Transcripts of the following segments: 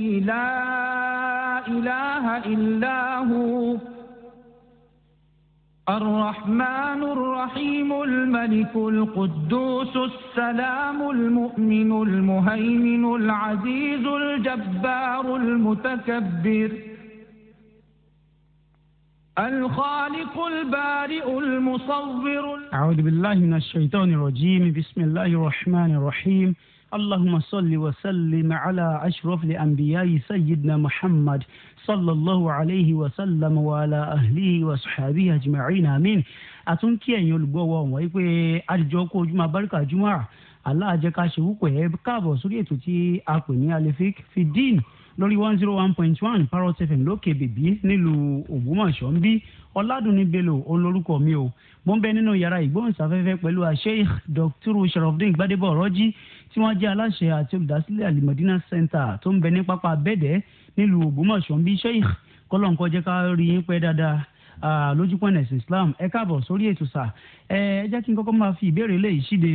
لا إله إلا هو الرحمن الرحيم الملك القدوس السلام المؤمن المهيمن العزيز الجبار المتكبر الخالق البارئ المصور أعوذ بالله من الشيطان الرجيم بسم الله الرحمن الرحيم اللهم صل وسلم على أشرف الأنبياء سيدنا محمد صلى الله عليه وسلم وعلى أهله وصحبه أجمعين آمين àtúnkí ẹ̀yin olùgbọ́wọ́ wọ̀nyí pé àdìjọ kó ojúmọ́ abáríkà jùmọ̀ aláàjẹká ṣèwúpọ̀ ẹ̀ káàbọ̀ sórí ètò tí a pè ní alefik fidin lórí one zero oh one point one parrot fm lókè bèbí nílùú ògbómọ̀ṣọ́ ń bí ọ̀làdùnní bello olórúkọ mi o mo ń bẹ nínú yàrá ìgbóhùnsáfẹ́fẹ́ pẹ̀lú sheikh dr sharafdin gbadebo ọ̀rọ́jì tí wọ́n jẹ́ aláṣẹ àti olùdásílẹ̀ alimadina center tó ń bẹ ní pápá bẹ́ẹ̀dẹ́ nílùú Ògbómọ̀ṣọ́ bíi sheikh kọ́lọ́ǹkọ́ jẹ́ ká rí yín pẹ́ dáadáa lójúpọ̀nà ẹ̀sìn islam ẹ káàbọ̀ sórí ètò sà ẹ jẹ́ kí n kọ́kọ́ máa fi ìbéèrè lè ṣíde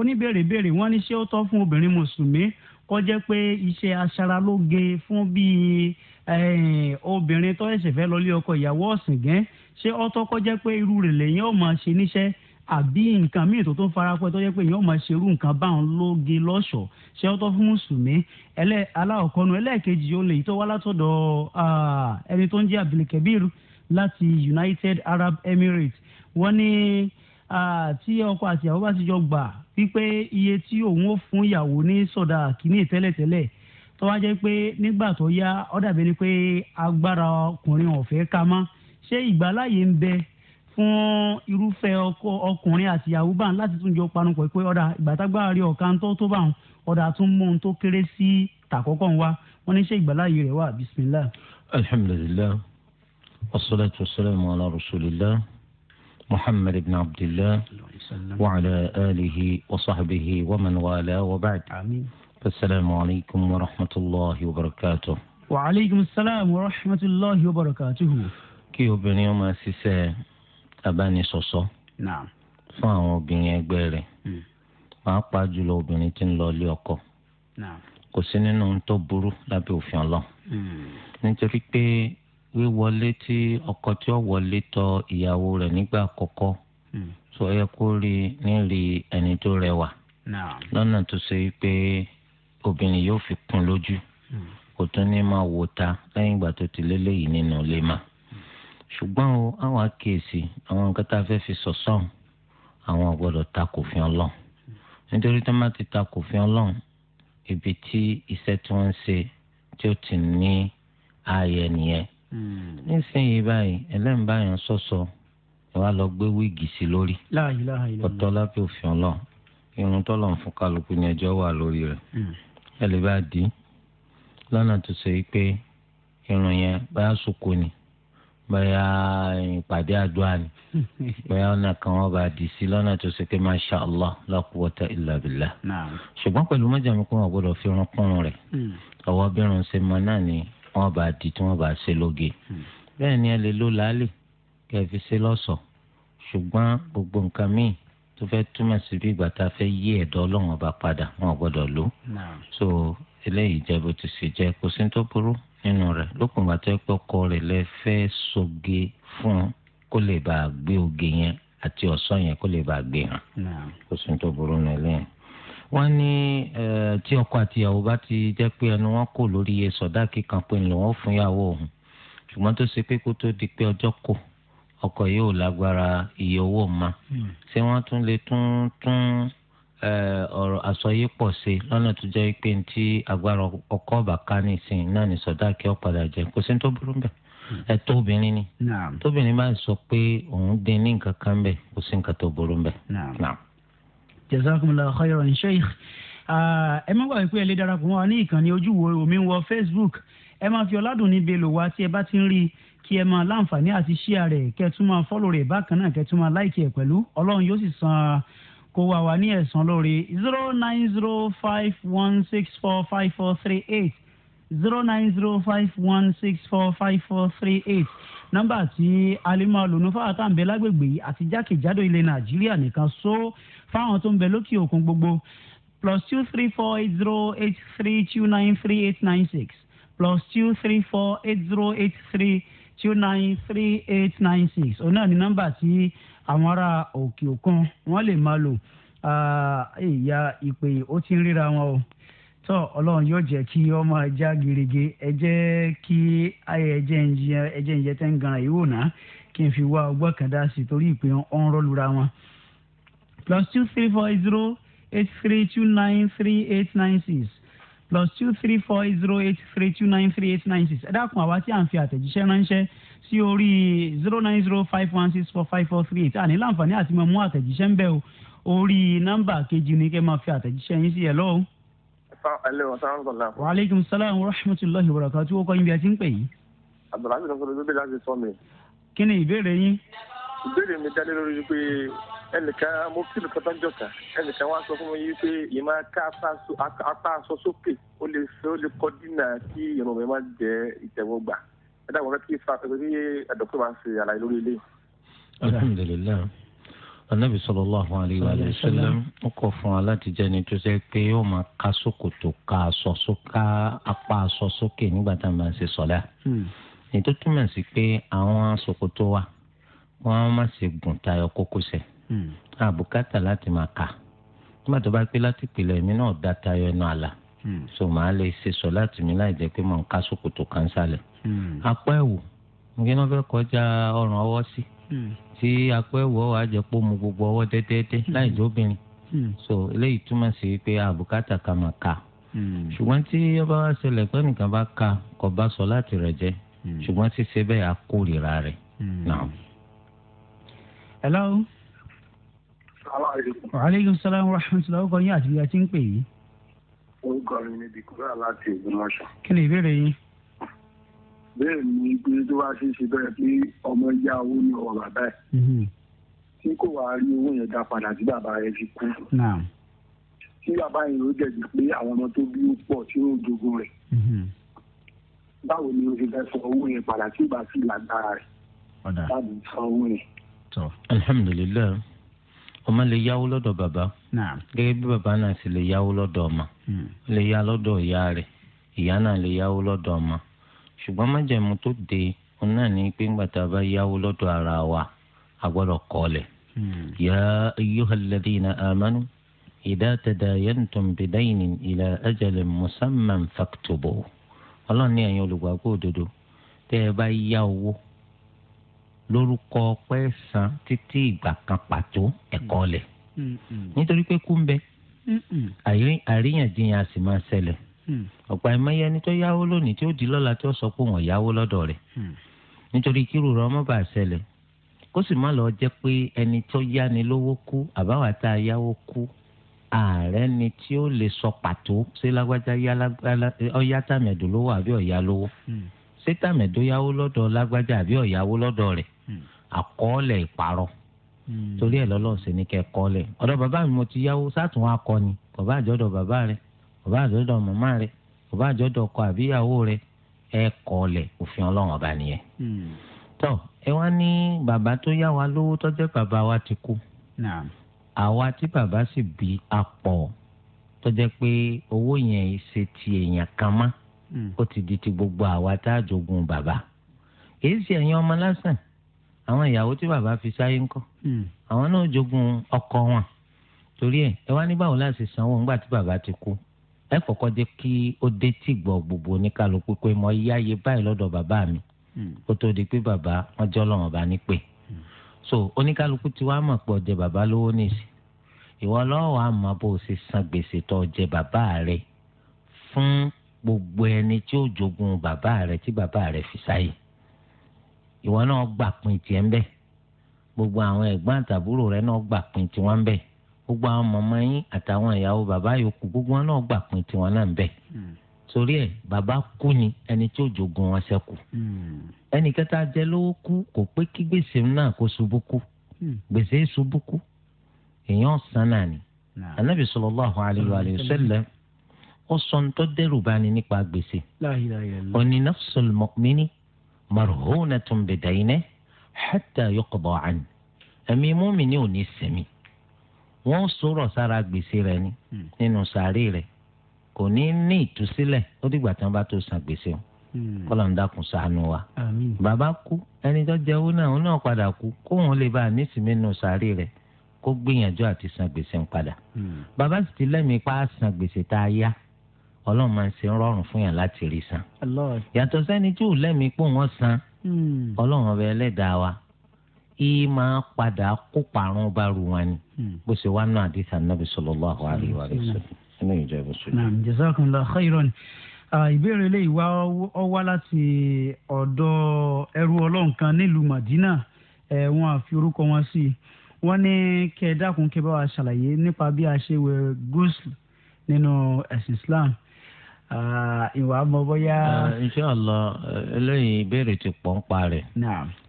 oníbèrè béèrè wọ́n ní ṣé ó tọ́ fún obìnrin mùsùlùmí kó jẹ́ pé iṣẹ́ aṣaralóge fún bíi obìnrin tó ẹ̀ṣẹ̀ fẹ́ lọ lé ọkọ ìyàwó ọ̀sìn gẹ́ ṣé ó tọ́ pé irú rẹ̀ lẹ́yìn ó ṣe níṣẹ́ àbí nǹkan míì tó tó farapẹ́ tó yẹ pé èèyàn máa ṣerú nǹkan báwọn lóge lọ́ṣọ̀ọ́ ṣé ó tọ́ fún mùsùlùmí aláọ̀kọ́nu ẹlẹ́ẹ̀kejì ó lè tó wá látọ̀dọ̀ ẹni tó ń jẹ́ Abdulkabir láti United Arab Emirates wọ́n ní tí ọkọ àti ìyàwó bá ti jọ gbà wípé iye tí òun ó fún ìyàwó ní sọ̀dà kìíní tẹ́lẹ̀tẹ́lẹ̀ tó wá jẹ́ pé nígbà tó yá ó pé agbára ọkùnrin ọ̀fẹ́ ká mọ́ ṣé ìgbàláyé ń bẹ fún irúfẹ́ ọkọ ọkùnrin àti ìyàwó bá ń láti tún jọ panupọ̀ pé ọ̀dà ìgbàtagbà rí ọ̀ka tó tó bá ń ọ̀dà tún mú un tó kéré sí tàkọ́kọ́ wa wọ́n ní ṣe ìgbàláyè rẹ̀ wà bisimilá. alhamdulilayi wasalaatu wasalaamu ala rasulillah muhammad ibn abdillah wa ala alihi wa sahbihi wa man wala wa ba'd. asalaamu alaykum wa rahmatulahi wa barakatuh. wa aleykum salaam wa rahmatulahi wa barakatuh. kí obìnrin ó máa ṣiṣẹ́ abánisọ̀sọ́ fún àwọn obìnrin ẹgbẹ́ rẹ̀ hmm. pàápàá jùlọ obìnrin tí ń lọ ilé ọkọ kò sí nínú tó burú lábẹ́ òfin ọlọ́ hmm. nítorí pé wíwọlé tí ọkọ tí ó wọlé tọ ìyàwó rẹ̀ nígbà àkọ́kọ́ tó hmm. yẹ kó rí ní rí ẹni tó rẹwà lọ́nà tó ṣe pé obìnrin yóò fi kún lójú kò tún ní máa wò ta lẹ́yìn ìgbà tó ti lélẹ́yìí nínú ilé máa. ṣùgbọ́n o àwọn àkíyèsí àwọn nǹkan tá a fẹ́ fi sọ̀sọ́n àwọn ọ̀gbọ́dọ̀ ta kò fi ọlọ́run nítorí tó má ti ta kò fi ọlọ́run ibi tí iṣẹ́ tí wọ́n ń ṣe tí ó ti ní ààyè nìyẹn. Hmm. nísìnyí báyìí ẹlẹ́nbàyàn sọ̀sọ̀ ẹ wá lọ gbé wíìgì sí lórí ọ̀tọ̀ lábẹ́ òfin ọlọ́run irun tó lọ́n fún kálukú ni ẹjọ́ wà lórí rẹ̀ hmm. ẹ lè bá dín lọ́nà tó ṣe pé irun yẹn báyà sùkú ni bóyá ìpàdé àdúrà ni hmm. bóyá ọ̀nà kan wọ́n bá dì sí lọ́nà tó ṣe pé masha allah la quwwata illa billah. ṣùgbọ́n pẹ̀lú mọ́jàmú kó wọn gbọ́dọ̀ fi irun kún rẹ̀ hmm. ọwọ́ bí ṣe mọ náà ni wọ́n bá dì tí wọ́n bá ṣe lóge. Hmm. bẹ́ẹ̀ ni ẹ lè lò láálì kẹ́ ẹ fi ṣe lọ́ṣọ̀ọ́ ṣùgbọ́n gbogbo nǹkan míì tó fẹ́ túmọ̀ sí bí ìgbà tá a fẹ́ yí nínú rẹ̀ lókun bàtọ́ pé ọkọ rẹ̀ lè fẹ́ soge fún kó lè bàa gbé oge yẹn àti ọ̀sán yẹn kó lè bàa gbé hàn kó sì ń tó burú nù lẹ́yìn wọ́n ní tí ọkọ àti ìyàwó bá ti jẹ́ pé ẹnu wọn kò lórí iye sọ̀dáàkì kan pé ńlọ wọn fún ìyàwó òun ṣùgbọ́n tó ṣe pé kó tó di pé ọjọ́ kò ọkọ yóò lágbára iye owó ma hmm. ṣé wọ́n tún lè tún tún ọ̀rọ̀ àsọyépọ̀ sí lọ́nà tó jẹ́ pé ní ti agbára ọkọ bàká ní ìsìn náà ní sọ̀dá kí ó padà jẹ́ kò sí ní tó burú bẹ́ẹ̀ hmm. ẹ̀tọ́ obìnrin ni tóbìnrin máa sọ pé òun dín ní nǹkan kan bẹ́ẹ̀ kò sí nǹkan tó burú bẹ́ẹ̀. jazakumullahu khairan sheikh ẹ má gbàgbé pé ẹ lè darapọ̀ mọ́ wa ní ìkànnì ojú wo omi wọ facebook ẹ máa fi ọ̀làdùn níbi èlò wa tí ẹ bá ti ń rí i kí ẹ máa láǹfààní àti ṣíà rẹ̀ kẹ́ ẹ tún máa fọ́lọ̀ rẹ̀ bákan náà kẹ́ ẹ tún máa láìkì ẹ̀ pẹ̀lú ọlọ́run yóò sì san kó wá wá ní ẹ̀sán lórí zero nine zero five one six four five four three eight zero nine zero five one six four five four three eight nọ́mbà tí alimọ olùnúfà tàǹbẹ lágbègbè àti jákèjádò ilẹ̀ nàìjíríà nìkan so fáwọn tó ń bẹ lókè òkun gbogbo plus two three four eight zero eight three two nine three eight nine six plus two three four eight zero eight three two nine three eight nine six òun náà ni nọ́mbà tí. àwọn ará òkè òkun wọn lè máa lò ìyá ìpè ó ti ń ríra wọn o tọ ọlọrun yóò jẹ́ kí ọ máa já gerege ẹ kí ẹjẹ́ ń yẹ tẹ ń gan kí n fi wá ọgbọ́n kan dá sí torí ìpè plus two three four zero eight three two nine three eight nine six ẹ dákun àwa tí à ń fi àtẹ̀jíṣẹ́ ránṣẹ́ sí orí zero nine zero five one six four five four three eight àní láǹfààní àti mọ̀ mú àtẹ̀jíṣẹ́ ń bẹ̀ o orí nọ́mbà kejì ni kẹ́ máa fi àtẹ̀jíṣẹ́ yín sí ẹ̀ lọ́wọ́. wa aleykum salaam wa rahmatulahi wa barakatu o kọ́ yín bí a ti ń pè yín. abdulhamid ọ̀sán ló gbé láti sọ mi. kí ni ìbéèrè yín. ìbéèrè mi dá lé lórí pé ẹnìkan mo kí nìkan tó ń jọka ẹnìkan wá sọ fún mi pé ìmọ̀ ká apá aṣọ sókè ó lè fẹ́ ó lè kọ́ dínà kí irun mi má jẹ́ ìtẹ̀wọ́gbà ẹ dàgbọ́n fẹ́ kí fa pẹ̀lú bí ẹ̀dọ́kọ̀ máa ṣe àlàyé lórí ilé. alhamdulilayi anabi sallallahu alayhi wa sallam ó kọ̀ fún wa láti jẹ́ ni tó ṣe pé yóò máa ká ṣòkòtò ká aṣọ sókè apá aṣọ sókè nígbà tá a máa ṣe sọlá hmm. ètò túmọ̀ sí pé àwọn ṣòkòtò wa wọ́n á má ṣe gùn tayọ kókósẹ̀. àbùkátà hmm. ah, láti máa kà nígbà tó bá pé láti pìlẹ̀ èmi náà dá tayọ ẹnu àlà hmm. so màá lè ṣe sọ láti mi láì jẹ́ pé mò ń ká sòkòtò kan hmm. apá ẹ̀wù nígbà kọjá ọrùn ọwọ́ sí tí apá ẹ̀wù ọwọ́ àjẹpọ̀ mu gbogbo ọwọ́ dẹ́dẹ́dẹ́ láì so eléyìí túmọ̀ sí pé àbùkátà ká máa kà ṣùgbọ́n tí ọba wa ṣẹlẹ̀ pé nìkan ka kò bá sọ láti rẹ̀ jẹ́ aleykum salaam wa rahmatulah ọkọ yín àti ìyá tí ń pè yìí. orúkọ mi ni bikura láti Ògbómọ̀ṣọ́. kí ni ìbéèrè yín. bẹ́ẹ̀ ni pé tó bá ṣe ṣe bẹ́ẹ̀ pé ọmọ ìyá owó ní ọ̀rọ̀ bàbá ẹ̀. Mm-hmm. tí kò wá rí owó yẹn dá padà tí bàbá rẹ̀ fi kú. tí bàbá yẹn ló jẹ̀bi pé àwọn ọmọ tó bí ó pọ̀ tí ó jogun rẹ̀. Mm-hmm. báwo ni o ṣe fẹ́ sọ owó yẹn padà tí ìbá sì lágbára rẹ̀. láti sọ owó yẹn. alhamdulilayi ọmọ lè yáwó lọ́dọ̀ bàbá gẹ́gẹ́ bí bàbá náà sì lè yáwó lọ́dọ̀ ọmọ hmm. lè yá lọ́dọ̀ ìyá rẹ̀ ìyá náà lè yáwó lọ́dọ̀ ọmọ ṣùgbọ́n májẹ̀mú tó de òun náà ní pé ńgbà tá a bá yáwó lọ́dọ̀ ara wa a gbọ́dọ̀ kọ́lẹ̀. Hmm. ya ayyuhal ladhina amanu idha tadayantum bidaynin ila ajalin musamman faktubu ọlọ́run ní ẹ̀yin olùgbàgbọ́ òdodo tẹ́ ẹ bá yá owó lórúkọ pẹ́ san títí ìgbà kan pàtó ẹ̀kọ́ lẹ̀ mm, mm, mm. nítorí pé kú ń bẹ àríyànjiyàn a sì máa ṣẹlẹ̀ ọ̀pọ̀ àìmọye ẹni tó yáwó lónìí tí ó di lọ́la tí ó sọ pé wọ́n yáwó lọ́dọ̀ rẹ̀ nítorí kírù rẹ̀ ọmọ bá ṣẹlẹ̀ kó sì má lọ jẹ́ pé ẹni tó yáni lówó kú àbáwá tá a yáwó kú ààrẹ ni tí ó lè sọ pàtó ṣé lágbájá ọyá tàmẹ̀dò lówó àbí ọ̀yá lówó ṣé tàmẹ̀dò yáwó lọ́dọ̀ lágbájá àbí ọ̀yáwó lọ́dọ̀ rẹ̀ àkọọ́lẹ̀ ìparọ́ hmm. torí ẹ̀ lọ́lọ́run sì ní kẹ́ kọ́lẹ̀ ọ̀dọ̀ bàbá mi mo ti yáwó sátùn wa ni bàbá àjọ́dọ̀ bàbá rẹ bàbá àjọ́dọ̀ màmá rẹ bàbá àjọ́dọ̀ ọkọ àbíyàwó rẹ ẹ kọ́lẹ̀ òfin ọlọ́run ọba nìyẹn. Hmm. ẹ wá ní bàbá tó yá wa lówó bàbá wa ti kú àwa tí bàbá sì bí a pé owó àwọn ìyàwó tí bàbá fi sáyé ńkọ́ hmm. àwọn náà jogún ọkọ wọn torí ẹ ẹ wá ní báwo láti sanwó ńgbà tí bàbá ti kú ẹ kọ́kọ́ jẹ́ kí ó dé tí gbọ́ gbogbo oníkàlùkù pé mo yáyé báyìí lọ́dọ̀ bàbá mi hmm. kó tó di pé bàbá wọn jọ bá ní pè hmm. so oníkàlùkù tí wàá mọ̀ pé ó jẹ bàbá lówó nìsí ìwọ lọ́wọ́ àmọ́ bó o ṣe san gbèsè tó jẹ bàbá rẹ fún gbogbo ẹni tí ó jogun bàbá rẹ tí bàbá rẹ fi sáyé ìwọ náà gbà pin tiẹ̀ ń bẹ̀ gbogbo àwọn ẹ̀gbọ́n àtàbúrò rẹ náà gbà pin tiwọn ń bẹ̀ gbogbo àwọn mọ̀mọ́ yín àtàwọn ìyàwó bàbá yòókù gbogbo wọn náà gbà pin tiwọn náà ń bẹ̀ hmm. torí ẹ̀ bàbá kú ni ẹni tí ó jogun wọn ṣẹ́kù hmm. ẹnì kẹta jẹ lówó kú kò pé kí gbèsè náà kó ṣubú kú hmm. gbèsè ṣubú kú èèyàn san náà ni anabi sallallahu alayhi wa sallam ó sọ ń tọ́ dẹ́rù bá ní nípa gbèsè ó ní nafsul mu'mini marhunatun bidaynihi hatta yuqda anhu ẹ̀mí mùmínì ò ní sẹ̀mí wọ́n sọ̀rọ̀ sára gbèsè rẹ̀ ni nínú sàárè rẹ̀ kò ní ní ìtúsílẹ̀ ó dìgbà tí wọ́n bá tó san gbèsè o kọ́lọ̀ ń dákun ṣàánú wa. bàbá kú ẹni tó jẹ owó náà òun náà padà kú kóun lè bá a nísìmí nínú sàárè rẹ̀ kó gbìyànjú àti san gbèsè ń padà. bàbá sì ti lẹ́mìí pa san gbèsè tá a yá ọlọ́run máa ń ṣe rọrùn fún yàn láti rí san. yàtọ̀ sẹ́ni tí ò lẹ́mìí pò wọ́n san hmm. ọlọ́run ọba ẹlẹ́dàá wa ìyí máa padà kó parun bá ru wọn ni hmm. bó ṣe wá náà àdìsí anábì sallallahu alaihi wa sallam hmm. inú ìjọ ìbùsùn. naam jazakumullahu khairan ìbéèrè eléyìí wá ọ wá láti ọ̀dọ̀ ẹrú ọlọ́run kan nílùú Madina ẹ̀ wọ́n á fi orúkọ wọn sí i wọ́n ní kẹ́ dákun kẹ́ bá wa ṣàlàyé nípa bí a ṣe wẹ̀ gúúsù nínú ẹ̀sìn Islam ìwà mọ bóyá. inṣàlá eléyìí ìbéèrè ti pọ̀ ń parẹ́.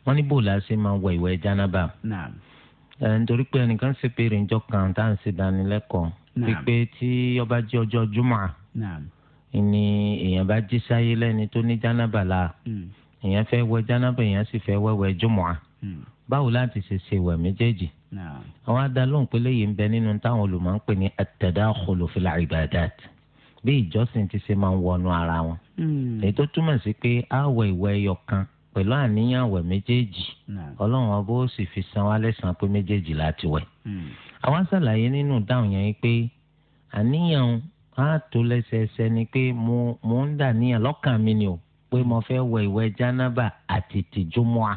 wọ́n ní bò láti máa wọ ìwẹ̀ jánábà. nítorí pé ẹnìkan ṣe péré njọ́ kan tá à ń ṣe dánilẹ́kọ̀ọ́. wípé tí ọba jẹ́ ọjọ́ júmọ̀ ni èèyàn bá jí sáyé lẹ́ni tó ní jánábà la hmm. èèyàn fẹ́ wẹ̀ jánábà èèyàn sì fẹ́ wẹ̀wẹ̀ júmọ̀ hmm. báwo láti ṣe ṣe wẹ̀ méjèèjì. àwọn adalóhùn pélé yìí ń bẹ nínú táwọn olùmọ̀ ń pè ní bí ìjọsìn ti ṣe máa ń wọnú ara wọn. Hmm. èyí tó túmọ̀ sí pé àwẹ̀ ìwẹ̀ ẹyọ kan pẹ̀lú àníyàn àwẹ̀ méjèèjì hmm. ọlọ́run ọba ó sì fi san wá lẹ́san pé méjèèjì láti wẹ̀. Hmm. àwa ṣàlàyé nínú dáhùn yẹn pé àníyàn á tó lẹ́sẹẹsẹ ni pé mo ń dà níyàn lọ́kàn mi ni o pé mo fẹ́ wẹ̀ ìwẹ̀ jánábà àti ti júmọ́à.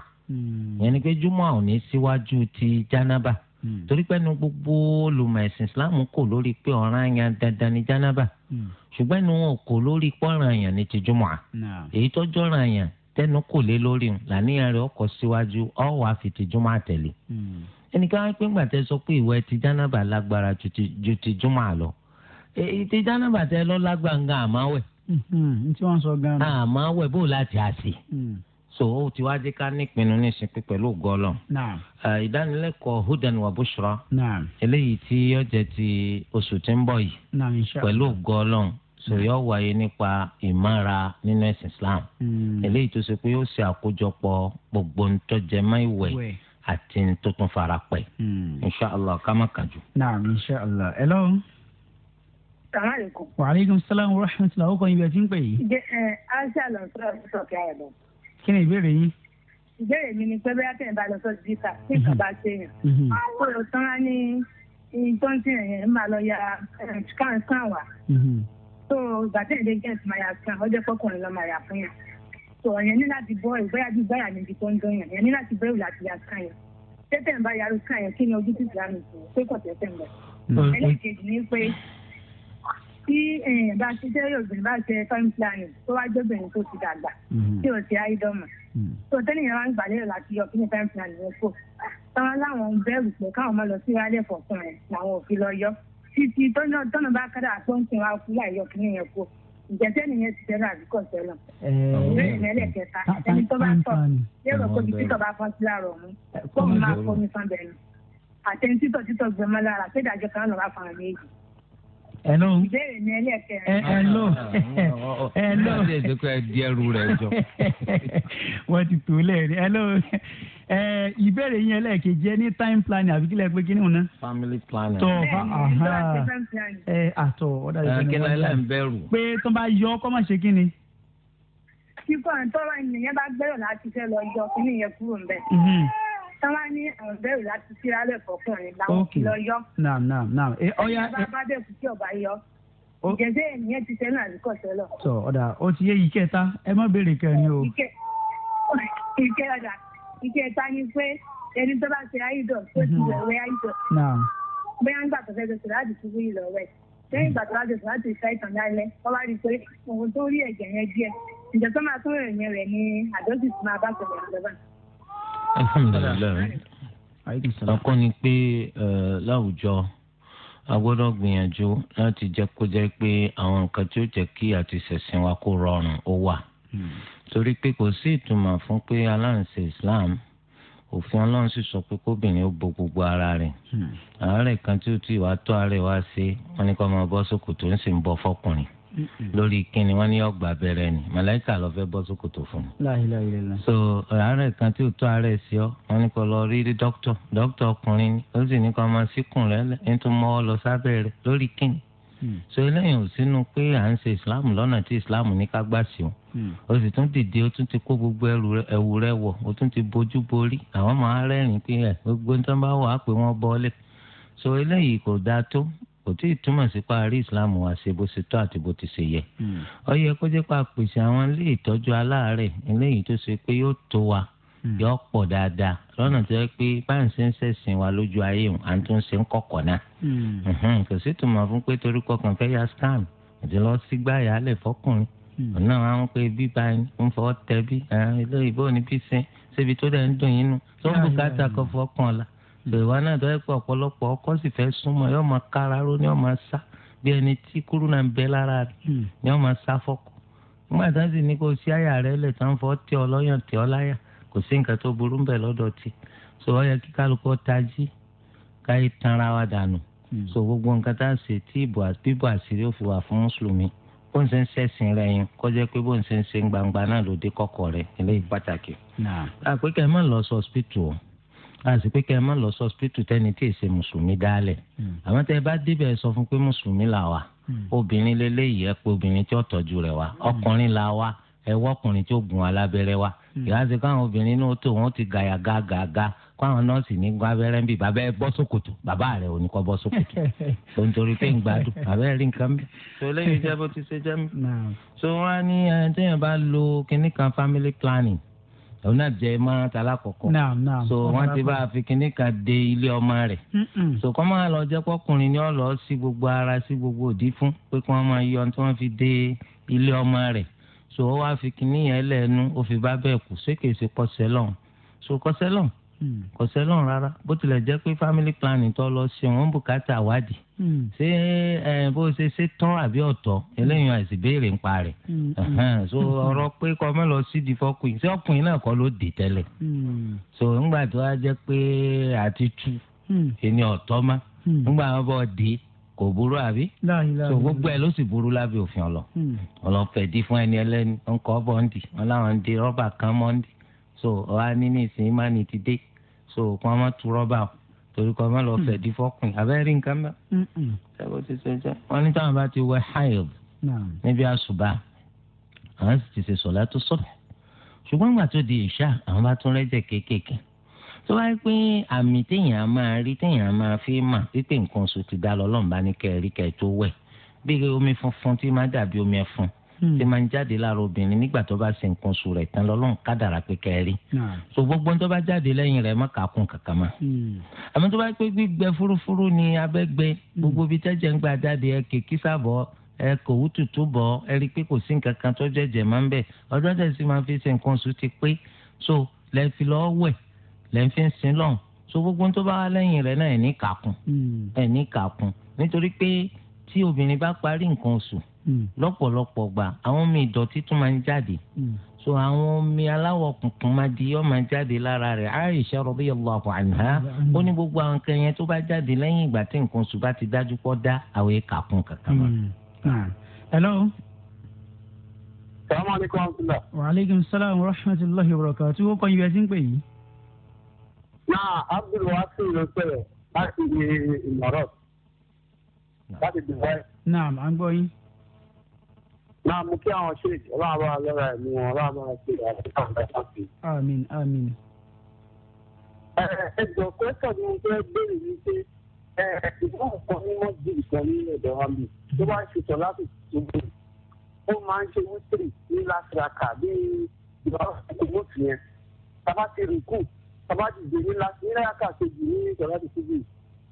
yẹn ni pé júmọ́à ò ní síwájú ti jánábà. Hmm. torí pé nu gbogbo olùmọ̀ ẹ̀sìn islam kò lórí pé ọ̀ràn yẹn dandan ní jánábà hmm. ṣùgbọ́n nu wọn kò lórí pọ́nrán yẹn ní ti jùmọ̀à èyí tọ́jọ́ ràn yẹn tẹnu kò lé lórí un làníyàn rẹ̀ ọkọ̀ síwájú ọ̀wọ́ àfi ti jùmọ̀ àtẹ̀lé hmm. ẹnìkan wípé ńgbà tẹ sọ pé ìwẹ̀ ti jánábà lágbára ju ti jùmọ̀à lọ èyí ti jánábà tẹ lọ lágbàǹgà àmáwẹ̀ àmáwẹ̀ bó láti àṣì so o ti wá jẹ́ ká nípinnu nísìn pé pẹ̀lú gọ́ọ̀lọ̀ ìdánilẹ́kọ̀ọ́ hudan wa bushra eléyìí tí ti oṣù tí ń bọ̀ yìí pẹ̀lú gọ́ọ̀lọ̀ so yóò wáyé nípa nínú ẹ̀sìn islam hmm. eléyìí tó ṣe pé yóò ṣe àkójọpọ̀ gbogbo ntọ́jẹmọ́ ìwẹ̀ àti ntótó farapẹ̀ hmm. inshàlá ká má naam inshàlá ẹ salaamaleykum. salaam rahmatulah o kò ní ń pè ẹ ẹ kí ni ìbéèrè yín. ìbéèrè mi ni pé bí akẹ́yìn bá lọ sọ jíta mhm. tí nǹkan bá ṣe yàn àwọn olùsanra ní ìtọ́jú yẹn máa lọ ya scan wa mhm. so gbàtẹ́ẹ̀dẹ́ gẹ̀ẹ́sì máa ya scan ọjọ́ pọ́kùnrin lọ́ọ́ máa yà fún yàn so yẹn ní láti bọ́ ìgbáyà bí ìgbáyà níbi tó ń dán yàn yẹn ní láti bẹ́ẹ̀ láti ya scan yẹn tẹ́tẹ̀ ń bá yàrá scan yẹn kí ni ojú tìtì tí eh, bá a ṣe jẹ́ obìnrin bá a ṣe time planning tó wá jẹ́ obìnrin tó ti dàgbà mm-hmm. tí ò ti áìdọ́mà mm-hmm. tó tẹ́lẹ̀ yẹn wá ń gbàlérò láti yọ kí ni time planning yẹn kò táwọn láwọn ń bẹ̀rù pé káwọn máa lọ sí wálé fọ̀tún rẹ̀ làwọn ò fi lọ yọ títí tọ́nà bá kára tó ń tún wá fún láì yọ kí ni yẹn kò ìjẹsẹ nìyẹn ti tẹnu àbíkọ tẹnu lóyún ẹlẹ́kẹta ẹni tó bá tọ lérò kó di títọ bá fọn hello. ìbéèrè mi ẹlẹ́kẹ̀rin. Eh, hello. Ah, ah, ah, hello. ọ̀hún ṣe kó ẹ di ẹrù rẹ jọ. wọ́n ti tó lẹ́ẹ̀rí hello. Eh, ìbéèrè yín ẹlẹ́kejì ẹ ní time planning àbí kílẹ̀ pé kíni òun. family planning. tọ́ ẹ eh, àtọ̀ ọ̀dà ìbéèrè wọn. kílẹ̀ ń bẹ̀rù. pé tó bá yọ ọkọ máa ṣe kíni. kíkọ́ ẹ̀ tọ́ra ènìyàn bá gbẹ́rọ̀ láti fẹ́ lọ yọ kíní yẹn kúrò ń bẹ̀. Mm-hmm sáwọn ní àwọn eh, bẹ̀rù láti fi rálẹ̀ fọkùnrin làwọn kì lọ yọ. naam naam naam eh, ẹ ọya ẹ bá eh, bẹ kú tí ọba yọ. ìjẹsẹ ènìyàn ti sẹnu àdúgbò sẹlọ. tọ ọ̀dà ó ti yé ìkẹta ẹ má béèrè kẹrin o. ìkẹ ọ̀dà ìkẹta ni pé ẹni tó bá ṣe àìdọ̀ tó ti wẹ̀ wẹ̀ àìdọ̀. bóyá ń gbà tó fẹ́ tó ṣe láti fi wí ìlọ wẹ̀ lẹ́yìn ìgbà tó bá jẹ̀sán láti ìfẹ́ ìtàn lálẹ́ wọ́n bá rí i pé òun tó rí ẹ̀jẹ̀ yẹn díẹ̀ ìjọsọ́mà tó rẹ̀ yẹn rẹ̀ ni àdójì tó máa bá sọ̀rọ̀ ìjọba alhamdulilayi ọkọ ni pé láwùjọ a gbọ́dọ̀ gbìyànjú láti jẹ́ kó jẹ́ pé àwọn nǹkan tí ó jẹ́ kí àti ṣẹ̀sìn wa kó rọrùn ó wà hmm. torí pé kò sí ìtumọ̀ fún pé aláǹsẹ̀ islam òfin ọlọ́run sì sọ pé kóbìnrin ó bo gbogbo ara rẹ̀ hmm. àárẹ̀ kan tí ó ti wàá tó ara rẹ̀ wá sí wọn ni kó máa bọ́ sókòtò ń sì ń bọ́ fọkùnrin lórí kíni wọn ní ọgbà abẹ́rẹ́ ni màláìka lọ fẹ́ bọ́ sókòtò fún un. so àárẹ̀ kan tí ò tó àárẹ̀ sí ọ wọn ní kó lọ rí dókítà dókítà ọkùnrin ni ó sì ní kó máa síkùn rẹ ní tó mọ́ ọ lọ sábẹ́ rẹ lórí kíni. Hmm. so eléyìí ò sínú pé à ń ṣe islam lọ́nà tí islam ní ká gbà sí o. o hmm. sì tún dìde o tún ti kó gbogbo ẹ̀wù rẹ wọ̀ o tún ti bojú borí àwọn máa rẹ́rìn-ín pé ẹ̀ gbogbo ní tó bá wà á pè wọ́n bọ́ so eléyìí kò dáa kò tí ì túmọ̀ sí pa rí islam wa ṣe bó ṣe tọ́ àti bó ti ṣe yẹ. Hmm. ó yẹ kó jẹ́ pa pèsè àwọn ilé ìtọ́jú aláàárẹ̀ eléyìí tó ṣe pé yóò tó wa hmm. yóò pọ̀ dáadáa lọ́nà tó yẹ pé báyìí ṣe ń ṣẹ̀sìn wa lójú ayé òun à ń tún ṣe ń kọ̀kọ̀ náà. Hmm. kò sí túmọ̀ fún pé torí kọkàn fẹ́ ya scan àti lọ sígbà yálẹ̀ fọkùnrin ọ̀nà àwọn ń fọwọ́ bí ilé ń dùn yín nù tó ń bùkátà kọ́ fọkàn ọ̀la bẹ̀wá náà tó yẹ pé ọ̀pọ̀lọpọ̀ ọkọ sì fẹ́ súnmọ́ yóò máa kára ró ni yóò máa sá bí ẹni tí kúrú náà ń bẹ lára rẹ̀ hmm. ni yóò máa sá fọ́kọ. nígbà tí wọ́n sì ní kó sí àyà rẹ̀ lẹ̀ tán fọ́ tẹ ọ lọ́yàn tẹ ọ láyà kò sí nǹkan tó burú ń bẹ̀ lọ́dọ̀ tí so ọ yẹ kí kálukú tají káyé tanra wa dànù hmm. so gbogbo nǹkan tá a ṣe tí ìbò bíbò àṣírí ò wà fún mùsùlùmí bó ń ṣe ń ṣẹ̀sìn rẹ̀ yẹn kó jẹ́ pé bó ń ṣe ń ṣe gbangba náà ló dé kọ́kọ́ rẹ̀ eléyìí pàtàkì. àpèkẹ́ mọ̀ lọ sọ hospital o àti pé kẹ́ ẹ má lọ sọ spiritu tẹ́ni tí èsè mùsùlùmí dálẹ̀ hmm. àmọ́ tẹ́ ẹ bá débẹ̀ sọ fún pé mùsùlùmí là wà hmm. obìnrin lélẹ́yìí ẹ pé obìnrin tí ó tọ́jú rẹ̀ wá hmm. ọkùnrin là wà ẹ wọ́kùnrin tí ó gùn alábẹ́rẹ́ wá ìyá ṣe káwọn obìnrin náà tó wọn ti gàyà gàgàgà káwọn nọ́ọ̀sì ní gbọ́ abẹ́rẹ́ ń bì bàbá ẹ bọ́ sókòtò bàbá rẹ̀ ò ní kọ́ bọ́ sókòtò tó ń torí pé ń gbádùn bàbá ẹ rí nǹkan mi. tó lẹ́yìn ìjábọ̀ ti ṣe jẹ́ mi. so wọ́n á ní ẹni tí planning òun náà jẹ mọ́ra tala kọ̀kọ́ so wọ́n ti bá a kan de ilé ọmọ rẹ̀ so kọ́ máa lọ jẹ́ kọ́kùnrin ni ó lọ sí gbogbo ara sí gbogbo òdì fún pé kí wọ́n máa yọ ohun tí wọ́n fi de ilé ọmọ rẹ̀ so ó wá fi kinní yẹn lẹ́nu ó fi bá bẹ́ẹ̀ kù sékèsè kọ́sẹ́lọ́n so kọ́sẹ́lọ́n Hmm. kò sẹ́lọ̀n rárá bó tilẹ̀ jẹ́ pé family planning tó lọ sí wọn bùkátà wádìí hmm. ṣé ẹ bó ṣe ṣe tọ́ àbí ọ̀tọ̀ hmm. eléyìí àìsí béèrè ń parẹ́ so ọ̀rọ̀ pé kọ́ mọ́ lọ sí di fọkùnrin sí ọkùnrin náà kọ́ ló dé tẹ́lẹ̀ so ńgbà tó wá jẹ́ pé àti tú ẹni ọ̀tọ̀ má ńgbà wọn bọ̀ dé kò burú àbí so gbogbo ẹ ló sì burú lábẹ́ òfin ọ̀lọ́ ọ̀lọ́fẹ̀ẹ́ dí fún ẹni ẹlẹ́ni ọkọ̀ bọ́ǹdì wọn láwọn ń di rọ́bà kan mọ́ǹdì so ọ̀hání ní ìsìn ìmánì so kàn má tu rọ́bà torí kàn má lọ hmm. fẹ̀dí fọ́kùn abẹ́rẹ́ nǹkan bá. Hmm, hmm. wọ́n ní táwọn bá ti wẹ hayob níbi àṣùbà àwọn sì ti ṣe sọ̀lá tó sọ̀rọ̀ ṣùgbọ́n ìgbà tó di ìṣá àwọn bá tún rẹ́jẹ̀ kéékèèké tó bá pé àmì téèyàn máa rí téèyàn máa fi mà wípé nǹkan oṣù ti dá lọ ní kẹrí kẹ tó wẹ̀ bí omi funfun tí má dàbí omi ẹ̀fun tí hmm. máa ń jáde lára obìnrin nígbà tó bá ṣe nǹkan oṣù rẹ̀ tán lọ́lọ́run kádàrà pé kẹrí so gbogbo tó bá jáde lẹ́yìn rẹ̀ má kà á kún kàkà mọ́ hmm. àmọ́ tó bá pé gbígbẹ fúrúfúrú ni abẹ́gbẹ hmm. gbogbo ibi tẹ́jẹ̀ ń gbà jáde ẹ kìkì sábọ̀ ẹ kò wú tutù bọ̀ ẹ rí i pé kò sí nǹkan kan tó jẹ̀jẹ̀ máa ń bẹ̀ ọjọ́ tẹ̀sí máa fi ṣe nǹkan oṣù ti pé so lẹ́ẹ̀ fi lọ́ọ́ wẹ̀ lẹ́ẹ̀ fi ń sin lọ́hùn so gbogbo tó bá wá lẹ́yìn rẹ̀ náà ẹ̀ ní kàkún ẹ̀ ní kàkún nítorí pé tí obìnrin bá parí nǹkan oṣù hmm. lọ́pọ̀lọpọ̀ gbà àwọn omi ìdọ̀tí tún máa ń jáde hmm. so àwọn omi aláwọ̀ kùnkùn máa di yọ́ máa jáde lára rẹ̀ Aisha radiyallahu anha ó ní gbogbo àwọn nǹkan yẹn tó bá jáde lẹ́yìn ìgbà tí nǹkan oṣù bá ti dájú pọ̀ dá àwọn ẹ̀ka kún kankan hmm. ah. hello. salaamu aleykum wa rahmatulah. wa aleykum salaam wa rahmatulahi wa barakatuh tí wọ́n kọ́ ibi ẹtí ń pè yìí. náà abdulwasi ló pẹ̀lẹ́ láti láti dubai. naam à ń gbọ́ yín. máa mú kí àwọn ṣèjì ọlọ́àbá lọ́ra ẹ̀mí wọn ọlọ́àbá ṣe àtúntà ìfàkì. àmín àmín. ẹ ẹ ẹ ìfọwọ́n kan ní wọ́n di ìkan ní ẹ̀dọ̀ wa mi tó bá ń ṣètò láti ṣubú ó máa ń ṣe wíṣírì ní lásìràkà bíi ìbára ìgbòho tìyẹn tabati rìkù tabati dèmí lásìràkà kejì ní ìjọba ti ṣubú yìí